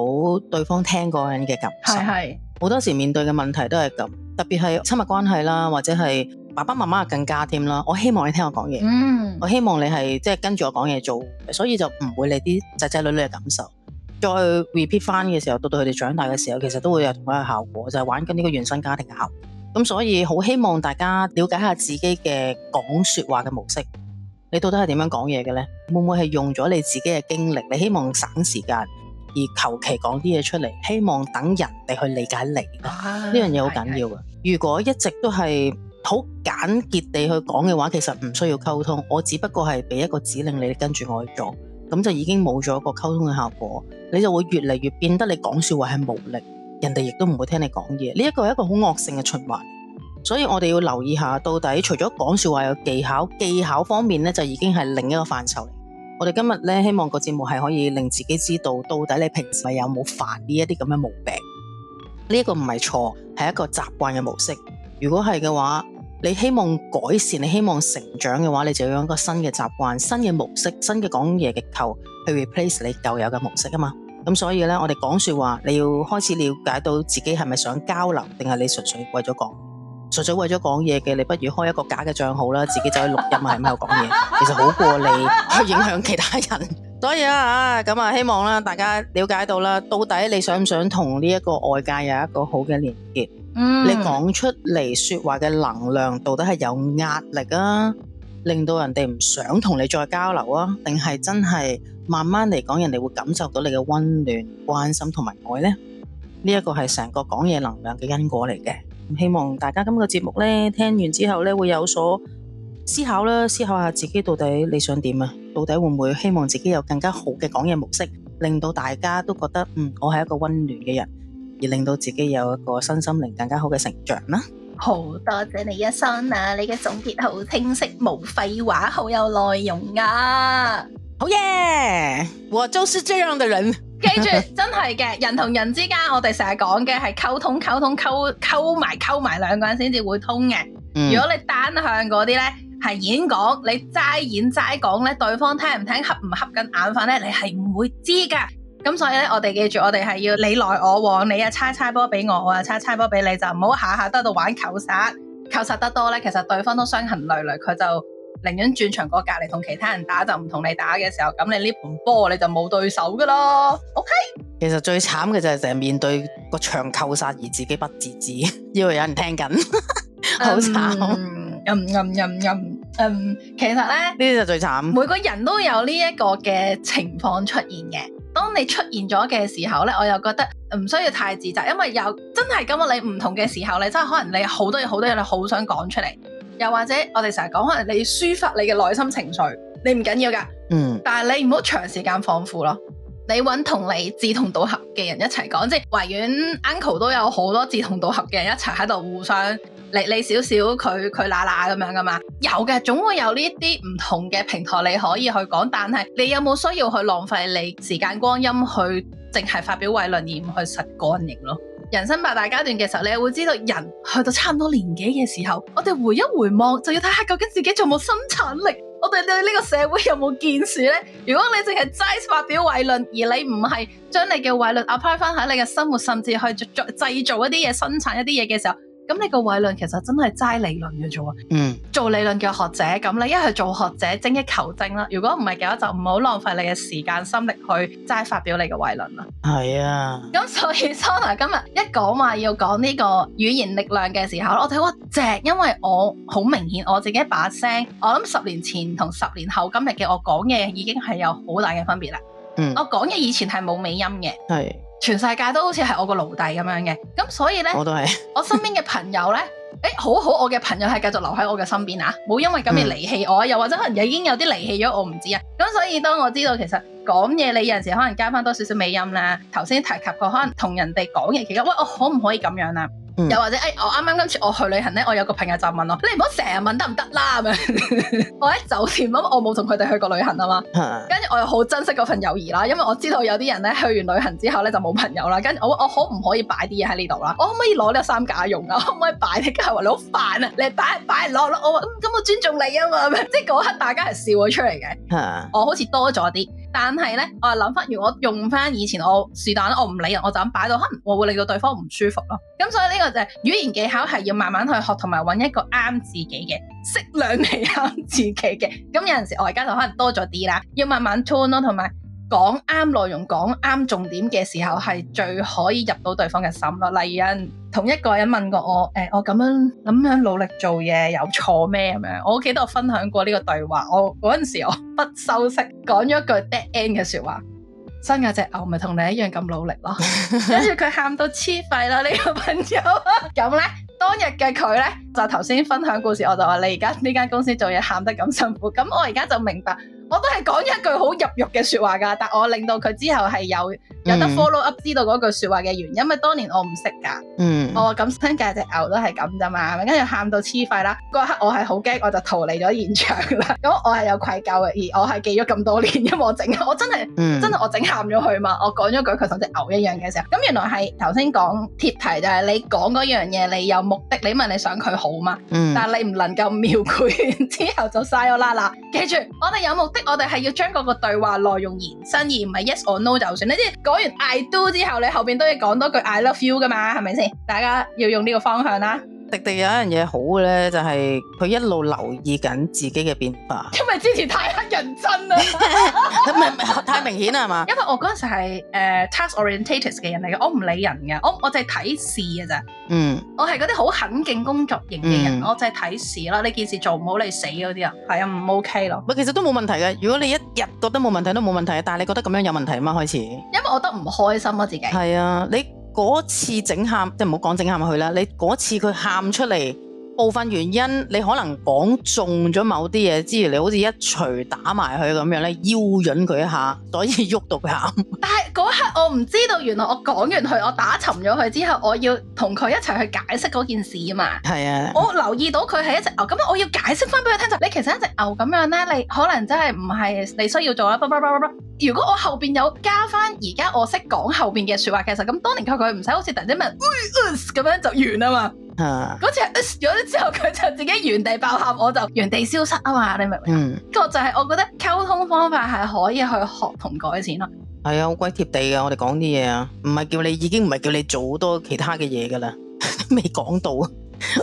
對方聽過人嘅感受。係係，好多時面對嘅問題都係咁，特別係親密關係啦，或者係爸爸媽媽更加添啦。我希望你聽我講嘢，嗯、我希望你係即係跟住我講嘢做，所以就唔會理啲仔仔女女嘅感受。再 repeat 翻嘅時候，到到佢哋長大嘅時候，其實都會有同一個效果，就係玩緊呢個原生家庭嘅效。咁、嗯、所以好希望大家了解下自己嘅講說話嘅模式，你到底係點樣講嘢嘅咧？會唔會係用咗你自己嘅經歷，你希望省時間而求其講啲嘢出嚟，希望等人哋去理解你咧，啊、呢樣嘢好緊要嘅。是是，如果一直都係好簡潔地去講嘅話，其實唔需要溝通，我只不過係俾一個指令你，你跟住我去做，咁就已經冇咗一個溝通嘅效果。你就會越嚟越變得你講說話係無力。人哋亦都唔會聽你講嘢，呢一個係一個好惡性嘅循環，所以我哋要留意下到底除咗講說話有技巧，技巧方面咧就已經係另一個範疇。我哋今日咧希望個節目係可以令自己知道到底你平時有冇犯呢一啲咁嘅毛病，呢一個唔係錯，係一個習慣嘅模式。如果係嘅話，你希望改善，你希望成長嘅話，你就要有一個新嘅習慣、新嘅模式、新嘅講嘢嘅球去 replace 你舊有嘅模式啊嘛。咁所以咧，我哋講說話，你要開始了解到自己係咪想交流，定係你純粹為咗講，純粹為咗講嘢嘅，你不如開一個假嘅賬號啦，自己就可以錄音埋喺度講嘢，其實好過你去影響其他人。所以啊，咁啊，希望啦，大家了解到啦，到底你想唔想同呢一個外界有一個好嘅連接？嗯，你講出嚟說話嘅能量，到底係有壓力啊，令到人哋唔想同你再交流啊，定係真係？慢慢嚟講，人哋會感受到你嘅溫暖、關心同埋愛咧。呢一個係成個講嘢能量嘅因果嚟嘅。咁希望大家今日個節目咧聽完之後咧會有所思考啦，思考下自己到底你想點啊？到底會唔會希望自己有更加好嘅講嘢模式，令到大家都覺得嗯，我係一個溫暖嘅人，而令到自己有一個身心靈更加好嘅成長啦。好多謝你 Sona 啊！你嘅總結好清晰，冇廢話，好有內容啊！好耶！Oh、yeah, 我就是這樣的人。 記住，真係嘅人同人之間，我哋成日講嘅係溝通、溝通、溝溝埋溝埋兩個人先至會通嘅。嗯、如果你單向嗰啲咧，係演講，你齋演齋講咧，對方聽唔聽、瞌唔瞌緊眼瞓咧，你係唔會知噶。咁所以咧，我哋記住，我哋係要你來我往，你啊，猜猜波俾我，我啊，猜猜波俾你，就唔好下下都喺度玩扣殺，扣殺得多咧，其實對方都傷痕累累，佢就，寧願轉場過隔離同其他人打，就唔同你打嘅時候，咁你呢盤波你就冇對手噶咯。OK。其實最慘嘅就係成日面對個牆扣殺而自己不自知，因為有人聽緊，好 慘。嗯嗯嗯嗯，嗯，嗯，其實咧呢啲就最慘。每個人都有呢一個嘅情況出現嘅。當你出現咗嘅時候咧，我又覺得唔需要太自責，因為又真係咁啊！你唔同嘅時候，你真係可能你好多嘢好多嘢，你好想講出嚟。又或者我哋成日講，可能你抒發你嘅內心情緒，你唔緊要噶，嗯，但係你唔好長時間放負咯。你搵同你志同道合嘅人一齊講，即係維園 Uncle 都有好多志同道合嘅人一齊喺度互相理理少少佢佢嗱嗱咁樣噶嘛，有嘅，總會有呢啲唔同嘅平台你可以去講，但係你有冇需要去浪費你時間光陰去淨係發表偉論，而唔去實幹型咯？人生八大家段嘅時候，你會知道人去到差唔多年紀嘅時候，我哋回一回望就要睇下究竟自己有冇生產力，我哋對呢個社會有冇見識呢？如果你淨係齋發表偽論，而你唔係將你嘅偽論 apply 翻喺你嘅生活，甚至去再製造一啲嘢，生產一啲嘢嘅時候。咁你個偉論其實真係齋理論嘅啫，嗯，做理論嘅學者，咁你一係做學者精益求精啦，如果唔係嘅話就唔好浪費你嘅時間心力去齋發表你嘅偉論啦。係啊，咁所以 Sona 今日一講話要講呢個語言力量嘅時候，我睇我正，因為我好明顯我自己把聲，我諗十年前同十年後今日嘅我講嘢已經係有好大嘅分別啦。嗯，我講嘢以前係冇尾音嘅。係。全世界都好似係我個奴隸咁樣嘅，咁所以呢，我都也係 我身邊嘅朋友呢，誒、欸，好好，我嘅朋友係繼續留喺我嘅身邊啊，冇因為咁而離棄我、啊，又、嗯、或者可能已經有啲離棄咗我唔知道啊，咁所以當我知道其實。講嘢你有陣時可能加翻多少少美音啦。頭先提及過，可能同人哋講嘢，其他喂我可唔可以咁樣啦、啊？嗯、又或者誒、哎，我啱啱今次我去旅行咧，我有個朋友就問我：你唔好成日問得唔得啦咁樣。 我喺酒店咁，我冇同佢哋去過旅行啊嘛。跟住、啊、我又好珍惜嗰份友誼啦，因為我知道有啲人咧去完旅行之後咧就冇朋友啦。跟住我我可唔可以擺啲嘢喺呢度啦？我可唔可以攞呢個衫架用啊？我可唔可以擺啲膠？可可你好煩啊！你擺擺落咯。我咁咁、嗯、我尊重你啊嘛，即係嗰刻大家係笑咗出嚟嘅。啊、我好似多咗啲。但係咧，我諗翻，如果用翻以前，我是但我唔理人，我就咁擺到，可能我會令到對方唔舒服咯。咁所以呢個就係語言技巧，係要慢慢去學，同埋揾一個啱自己嘅，適量嘅啱自己嘅。咁有陣時我而家就可能多咗啲啦，要慢慢 turn 咯，同埋。講啱內容，講啱重點嘅時候，係最可以入到對方嘅心咯。例如同一個人問過我，誒、欸，我咁樣咁樣努力做嘢有錯咩咁樣？我記得我分享過呢個對話，我嗰陣時我不修飾講咗句 dead end 嘅說話，真嘅隻牛咪同你一樣咁努力咯。跟住佢喊到痴肺咯，這個、 呢個朋友。咁咧，當日嘅佢咧就頭先分享故事，我就話你而家呢間公司做嘢喊得咁辛苦，咁我而家就明白。我都係講一句好入肉嘅說話噶，但我令到佢之後係有有得 follow up 知道嗰句說話嘅原因啊！因為當年我唔識噶，我話咁生嘅隻牛都係咁咋嘛，跟住喊到黐肺啦！嗰刻我係好驚，我就逃離咗現場啦。咁我係有愧疚嘅，而我係記咗咁多年，因為我整，我真係、嗯、真係我整喊咗佢嘛，我講咗句佢同隻牛一樣嘅時候，咁原來係頭先講貼題就係、是、你講嗰樣嘢，你有目的，你問你想佢好嘛？嗯、但係你唔能夠描繪完之後就嘥咗啦啦，記住我哋有冇？即我哋係要將嗰個對話內容延伸，而唔係 yes or no 就算。你即係講完 I do 之後，你後邊都要講多一句 I love you 噶嘛，係咪先？大家要用呢個方向啦。迪迪有一樣嘢好咧，就係佢一路留意緊自己嘅變化。因為之前太黑人憎啦，太明顯啦嘛。因為我嗰陣時係誒、uh, task orientated 嘅人嚟嘅，我唔理人嘅，我我淨係睇事嘅咋。嗯，我係嗰啲好肯勁工作型嘅人，嗯、我就係睇事啦。呢件事做唔好你死嗰啲人，係啊唔 OK 咯。咪其實都冇問題嘅，如果你一日覺得冇問題都冇問題，但係你覺得咁樣有問題啊嘛開始。因為我覺得唔開心啊自己。係啊，你。嗰次整喊，即係唔好講整喊佢啦。你嗰次佢喊出嚟。部分原因，你可能講中咗某啲嘢之餘，你好似一錘打埋佢咁樣咧，邀引佢一下，所以喐到佢喊。但係嗰刻我唔知道，原來我講完佢，我打沉咗佢之後，我要同佢一齊去解釋嗰件事嘛。係啊，我留意到佢係一隻牛，咁我要解釋翻俾佢聽就是，你其實一隻牛咁樣咧，你可能真係唔係你需要做啦。如果我後邊有加翻，而家我識講後邊嘅説話，其實咁多年佢佢唔使好似突然之間咁樣就完啊嘛。嗰、啊、次咗、呃、之後，佢就自己原地爆喊，我就原地消失啊嘛，你明唔明？咁、嗯、就係我覺得溝通方法係可以去學同改善咯。係啊，好鬼貼地啊！我哋講啲嘢啊，唔係叫你，已經唔係叫你做好多其他嘅嘢噶啦，未 講到。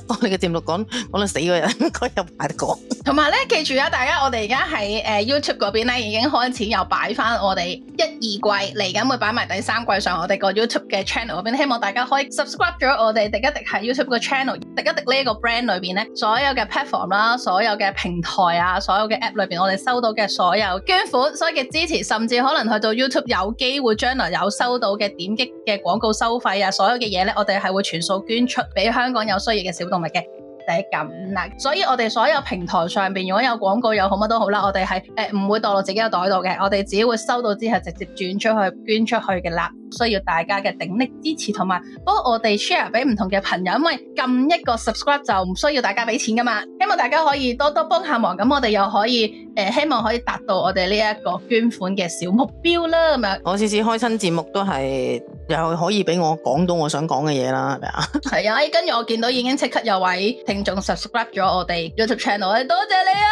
我哋嘅店錄講，講到死咗人，應該有排講。同埋咧，記住啊，大家我哋而家喺誒 YouTube 嗰邊咧，已經開始又擺翻我哋一二季，嚟緊會擺埋第三季上我哋個 YouTube 嘅 channel 嗰邊。希望大家可以 subscribe 咗我哋，廸一廸喺 YouTube 個 channel，廸一廸呢一個 brand 裏邊咧，所有嘅 platform 啦，所有嘅平台啊，所有嘅 app 裏邊，我哋收到嘅所有捐款，所有嘅支持，甚至可能去到 YouTube 有機會將來有收到嘅點擊嘅廣告收費啊，所有嘅嘢咧，我哋係會全數捐出俾香港有需要嘅。小動物嘅第一感，啦、就係，所以我哋所有平台上面如果有廣告又好，乜都好啦，我哋係誒唔會擺落自己個袋度嘅，我哋自己會收到之後直接轉出去捐出去嘅啦。需要大家嘅鼎力支持，同埋幫我哋 share 俾唔同嘅朋友，因為撳一個 subscribe 就唔需要大家俾錢嘛。希望大家可以多多幫下忙，咁我哋又可以誒、呃，希望可以達到我哋呢一個捐款嘅小目標啦。咁啊，我次次開親節目都係又可以俾我講到我想講嘅嘢啦，係咪啊？係啊，跟住我見到已經即刻有位聽眾 subscribe 咗我哋 YouTube Channel，多謝你啊！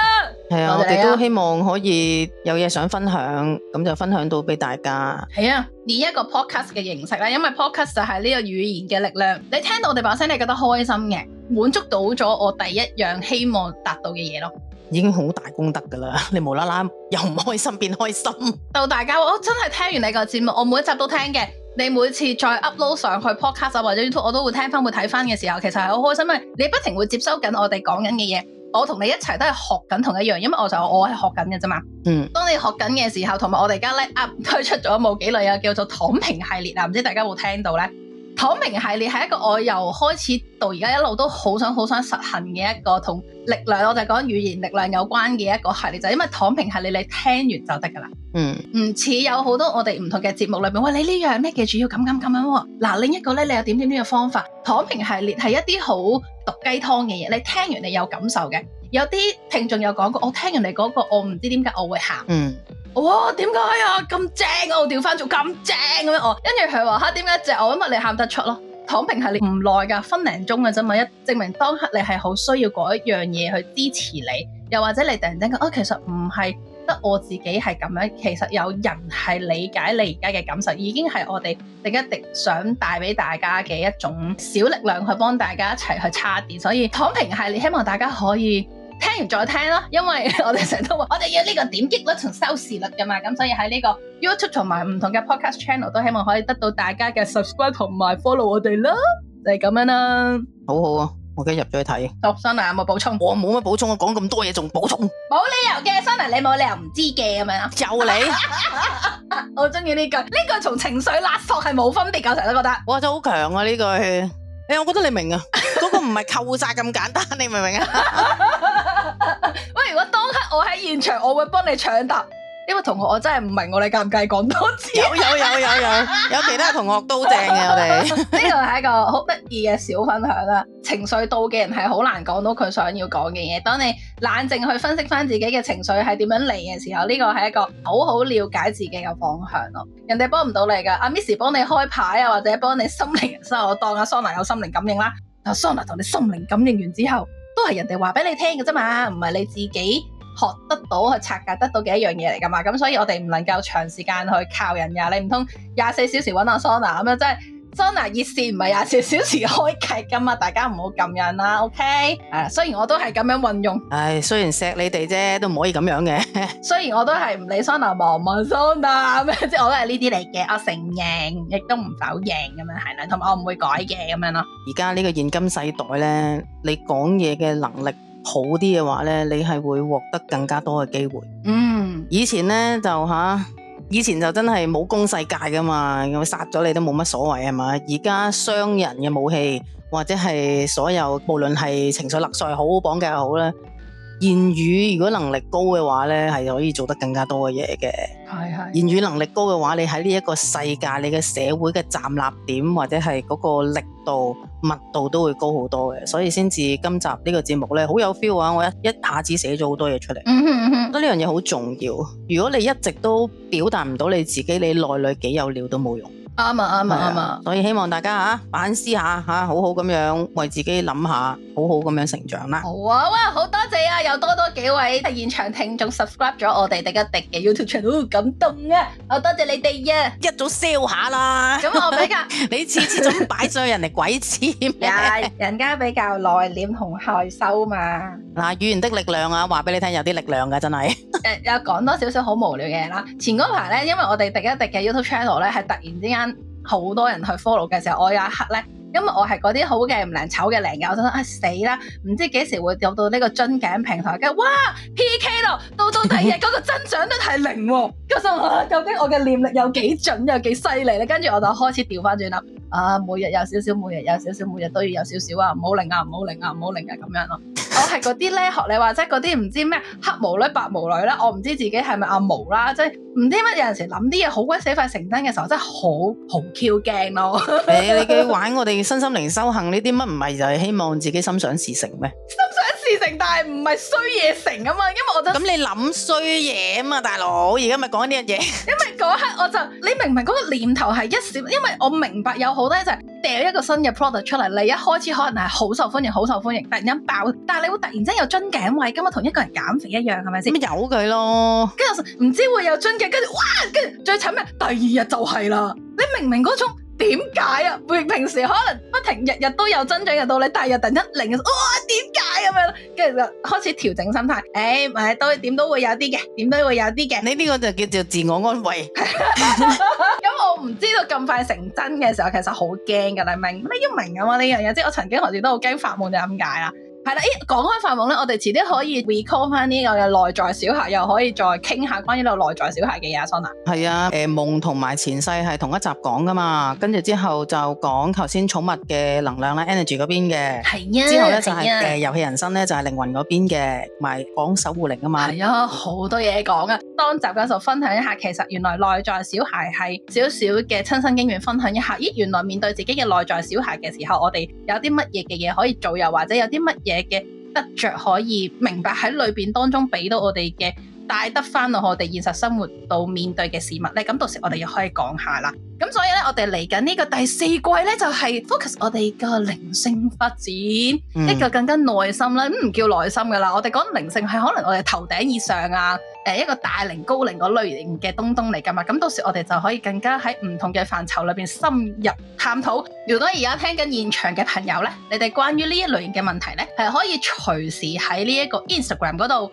係啊，啊我哋都希望可以有嘢想分享，咁就分享到俾大家。係啊。以一個 podcast 嘅形式咧，因為 podcast 就係呢個語言嘅力量。你聽到我哋把聲，你覺得開心嘅，滿足到咗我第一樣希望達到嘅嘢咯。已經好大功德噶啦！你無啦啦又唔開心變開心，到大家。我真係聽完你個節目，我每一集都聽嘅。你每次再 upload 上去 podcast 或者 YouTube，我都會聽翻，會睇翻嘅時候，其實係好開心嘅。你不停會接收緊我哋講緊嘅嘢。我同你一齊都係學緊同一樣，因為我就我係學緊嘅啫嘛。嗯，當你學緊嘅時候，同埋我哋而家咧，推出咗冇幾耐啊，叫做躺平系列啦，唔知大家有冇聽到咧？躺平系列係一個我由開始到而家一路都好想好想實行嘅一個同力量，我就係講語言力量有關嘅一個系列，就係、因為躺平系列你聽完就得噶啦，嗯，唔似有好多我哋唔同嘅節目裏面喂你樣呢樣咩嘅，主要咁咁咁樣，這樣，這樣，啊，嗱、啊、另一個咧你有點點點嘅方法，躺平系列係一啲好毒雞湯嘅嘢，你聽完你有感受嘅，有啲聽眾有講過我聽完你、那、嗰個我唔知點解我會喊。嗯哇，點解、哎、啊？咁正我調翻做咁正咁樣哦，跟住佢話嚇點解只我咁啊？因為你喊得出咯。躺平系列唔耐噶，分零鐘嘅啫嘛，一證明當刻你係好需要嗰一樣嘢去支持你，又或者你突然之間哦、啊，其實唔係得我自己係咁樣，其實有人係理解你而家嘅感受，已經係我哋你一定想帶俾大家嘅一種小力量去幫大家一齊去差電，所以躺平系列希望大家可以。聽完再聽咯，因為我哋成日都話，我哋要呢個點擊率同收視率噶嘛，咁所以喺呢個 YouTube 同埋唔同嘅 Podcast Channel 都希望可以得到大家嘅 subscribe 同埋 follow 我哋咯，就係咁樣啦。好好啊，我驚入咗去睇。Sona 啊，有冇補充？我冇乜補充啊，講咁多嘢仲補充，冇理由嘅，Sona 啊，你冇理由唔知嘅咁樣。就你，我中意呢句，呢句從情緒勒索係冇分別，我成日都覺得，哇，真係好強啊呢句。欸、我覺得你明啊，嗰 個唔係扣債咁簡單，你明唔明啊？ 喂，如果當刻我喺現場，我會幫你搶答。因為同學，我真係唔明，我哋介唔介意講多次。有有有有有，有其他同學都正嘅，啊，我哋呢個係一個好得意嘅小分享啦，啊。情緒到嘅人係好難講到佢想要講嘅嘢。當你冷靜去分析翻自己嘅情緒係點樣嚟嘅時候，呢個係一個好好了解自己嘅方向咯，啊。人哋幫唔到你噶，阿，啊、Miss 幫你開牌啊，或者幫你心靈。所以我當阿 Sona 有心靈感應啦。阿 Sona 同你心靈感應完之後，都係人哋話俾你聽嘅啫嘛，唔係你自己。學得到去拆解得到幾多樣嘢嚟噶嘛？咁所以我哋唔能夠長時間去靠人噶。你唔通廿四小時揾阿 sona，咁樣？即係 sona 熱線唔係廿四小時開啟噶嘛？大家唔好咁樣啦，OK？誒，雖然我都係咁樣運用，唉，雖然錫你哋啫，都唔可以咁樣嘅。雖然我都係唔理 sona 忙唔忙 sona，咁樣，即係我都係呢啲嚟嘅。我承認，亦都唔否認咁樣係啦。同埋我唔會改嘅咁樣咯。而家呢個現今世代咧，你講嘢嘅能力。好啲嘅話呢，你係會獲得更加多嘅機會。嗯，以前呢，就吓、啊，以前就真係冇攻世界噶嘛，咁殺咗你都冇乜所謂係嘛。而家傷人嘅武器或者係所有，無論係情緒勒索好，綁架又好啦。言語如果能力高嘅話呢，係可以做得更加多嘅嘢嘅。 言語能力高嘅話，你喺呢一個世界，你嘅社會嘅站立點或者係嗰個力度密度都會高好多嘅，所以先至今集呢個節目呢，好有 feel 嘅、啊、話，我一一下子寫咗好多嘢出嚟。嗯 覺得呢樣嘢好重要。如果你一直都表達唔到你自己，你內裏幾有料都冇用。啱啊，啱啊，啱啊！所以希望大家啊反思下，吓好好咁樣為自己諗下，好好咁樣成長啦。好啊，哇，好多謝啊，又多多幾位現場聽眾 subscribe 咗我哋迪一迪嘅 YouTube channel，感動啊！我多謝你哋啊，一早笑下啦。咁 我比較， 你次次仲擺上人哋鬼痴，係， 人家比較內斂同害羞嘛。嗱，語言的力量啊，話俾你聽有啲力量噶，真係。誒， 又講多少少好無聊嘅嘢啦。前嗰排咧，因為我哋迪一迪嘅 YouTube channel 咧，係突然之間。好多人去 follow 嘅時候，我有一刻咧因為我係嗰啲好嘅唔靚，醜嘅靚嘅，我覺得啊死啦！唔知幾時會有到呢個樽頸平台嘅哇 P K 咯，到到第二日嗰 個增長都係零喎，咁、就是啊、究竟我嘅念力有幾準有幾犀利咧？跟住我就開始調翻轉諗啊每日有少少，每日有少少，每日有少少，每日都要有少少啊，唔好零啊，唔好零啊，唔好零啊咁、啊、樣咯。 我係嗰啲咧學你話即係嗰啲唔知咩黑毛女白毛女咧，我唔知自己係咪阿毛啦，即係唔知乜有陣時諗啲嘢好鬼死快成真嘅時候，真係好好 Q 驚咯。誒，你嘅玩我哋。你身心靈修行呢啲乜唔係就係希望自己心想事成咩？心想事成，但係唔係衰嘢成啊嘛，因為我就咁你諗衰嘢啊嘛，大佬，而家咪講呢樣嘢。因為嗰刻我就，你明唔明嗰個念頭係一閃？因為我明白有好多嘢就係掉一個新嘅 product 出嚟，你一開始可能係好受歡迎，好受歡迎，突然間爆，但係你會突然間有樽頸位，咁日同一個人減肥一樣，係咪先？咪由佢咯，跟住唔知會有樽頸，跟住哇，跟住最慘咩？第二日就係啦，你明明嗰種？點解啊？平時可能不停日日都有增長嘅道理，但係又突然一零，哇！點解咁樣？跟住就開始調整心態。誒、哎，唔係都點都會有啲嘅，點都會有啲嘅。呢啲我就叫做自我安慰、 嗯。咁我唔知道咁快成真嘅時候，其實好驚㗎，你明？你要明啊嘛，呢樣嘢即係我曾經好似都好驚發夢就係咁解啦。係啦，誒，講開發夢咧，我哋遲啲可以 recall 翻呢個嘅內在小孩，又可以再傾下關於呢個內在小孩嘅嘢。Sona 啊。係啊，誒、呃，夢同埋前世係同一集講噶嘛，跟住之後就講頭先寵物嘅能量啦 energy 嗰邊嘅，係啊的，之後咧就係、是、誒的、呃、遊戲人生咧就係、是、靈魂嗰邊嘅，同埋講守護靈啊嘛。係啊，好多嘢講啊。當集嗰陣就分享一下，其實原來內在小孩係少少嘅親身經驗分享一下。咦，原來面對自己嘅內在小孩嘅時候，我哋有啲乜嘢嘅嘢可以做，又或者有啲乜嘢嘅得着可以明白喺裏面當中俾到我哋嘅。帶得翻落我哋現實生活度面對嘅事物咧，咁到時我哋又可以講下啦。咁所以咧，我哋嚟緊呢個第四季咧，就係、是、focus 我哋嘅靈性發展，嗯、一個更加內心咧，唔、嗯、叫內心噶啦。我哋講靈性係可能我哋頭頂以上啊，誒一個大靈高靈嗰類型嘅東東嚟噶嘛。咁到時我哋就可以更加喺唔同嘅範疇裏邊深入探討。如果而家聽緊現場嘅朋友咧，你哋關於呢一類型嘅問題咧，係可以隨時喺呢一個 Instagram 嗰度。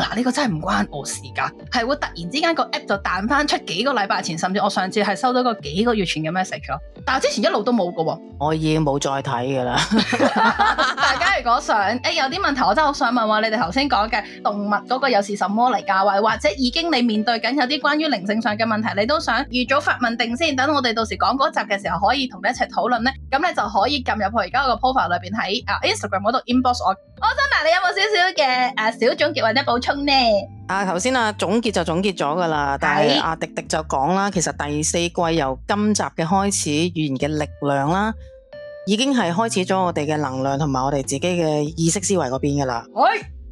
嗱，呢個真係唔關我事噶，係會突然之間個 app 就彈翻出幾個禮拜前，甚至我上次係收到個幾個月前嘅 message 咯。但係之前一路都冇嘅喎，我已經冇再睇嘅啦。大家如果想，誒、欸、有啲問題，我真係好想問話你哋頭先講嘅動物嗰個又是什麼嚟噶？或者已經你面對緊有啲關於靈性上嘅問題，你都想預早發問定先，等我哋到時講嗰集嘅時候可以同你一齊討論咧，咁你就可以撳入去而家個 profile 裏邊喺啊 Instagram 嗰度 inbox 我。阿珍娜，你有冇少少嘅誒、啊、小總結或者補充？出咩？啊，頭先啊，總結就總結咗噶啦，但係阿、啊、的迪迪就講啦，其實第四季由今集嘅開始，語言嘅力量啦，已經係開始咗我哋嘅能量同埋我哋自己嘅意識思維嗰邊噶啦。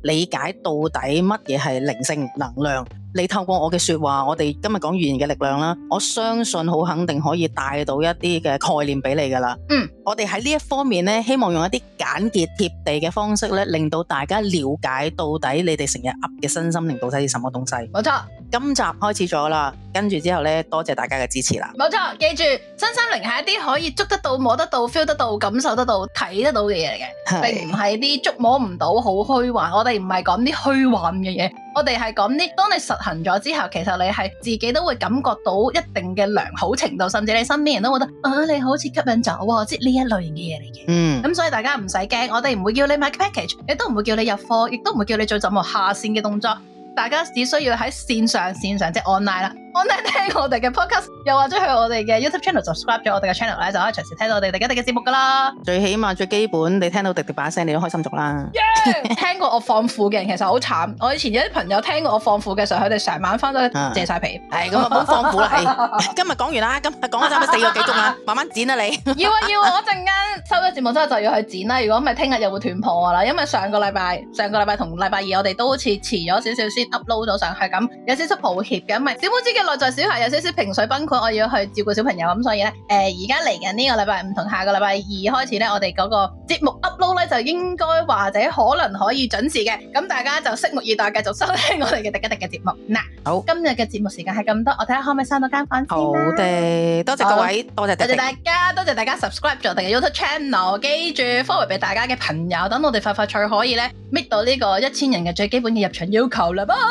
理解到底乜嘢係靈性能量？你透過我嘅説話，我哋今日講語言嘅力量啦，我相信好肯定可以帶到一啲嘅概念俾你㗎啦。嗯，我哋喺呢一方面咧，希望用一啲簡潔貼地嘅方式咧，令到大家了解到底你哋成日噏嘅身心靈到底係什麼東西。冇錯。今集開始咗啦，跟住之後呢，多謝大家嘅支持啦。冇錯，記住，身心靈係一啲可以捉得到、摸得到、feel 得到、感受得到、睇得到嘅嘢嚟嘅，是並唔係啲捉摸唔到好虛幻。我哋唔係講啲虛幻嘅嘢，我哋係講啲當你實行咗之後，其實你係自己都會感覺到一定嘅良好程度，甚至你身邊人都覺得啊、哦，你好似吸引咗，即係呢一類型嘅嘢嚟嘅。嗯，咁、嗯、所以大家唔使驚，我哋唔會叫你買 package，亦都唔會叫你入貨，亦都唔會叫你做任何下線嘅動作。大家只需要喺線上線上即係 online 啦。我哋聽我哋嘅 podcast，又或者去我哋嘅 YouTube channel subscribe 咗我哋嘅 channel 咧，就可以隨時聽到我哋第日嘅節目噶啦。最起碼，最基本，你聽到廸廸把聲，你都開心足啦。耶！Yeah! 聽過我放負嘅人，其實好慘。我以前有啲朋友聽過我放負嘅時候，佢哋成晚翻到謝晒皮。係咁啊，唔好放負啦 今日講完啦，今日講咗差唔多四個幾鐘啊， 慢慢剪啊你要啊。要啊要啊！ 我陣間收咗節目之後就要去剪啦。如果唔係聽日又會斷播噶啦。因為上個禮拜，上個禮拜同禮拜二我哋都好似遲咗少少先 upload 咗上去，咁有少少抱歉嘅。咪小妹知嘅。內在小孩有少少情緒崩潰，我要去照顧小朋友咁，所以呢，誒、呃，而家嚟緊呢個禮拜五同下個禮拜二開始呢，我哋嗰個節目 upload 咧就應該或者可能可以準時嘅，咁、嗯、大家就拭目以待，繼續收聽我哋嘅廸一廸嘅節目嗱。啊、好，今日嘅節目時間係咁多，我睇下可唔可以刪到間房間。好嘅，多謝各位，好多謝多謝大家，多謝大家 subscribe 咗我哋 YouTube channel，記住 follow 俾大家嘅朋友，等我哋快快趣可以呢 m 咧搣到呢個一千人嘅最基本嘅入場要求啦，拜拜。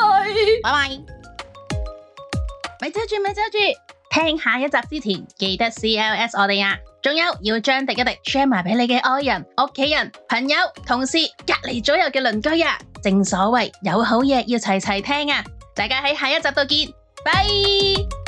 拜拜咪遮住咪遮住，聽下一集之前記得 C L S 我哋啊，仲有要將廸一廸 share 埋俾你嘅愛人、屋企人、朋友、同事、隔籬左右嘅鄰居啊。正所謂有好嘢，要齊齊聽啊！大家喺下一集度見，拜。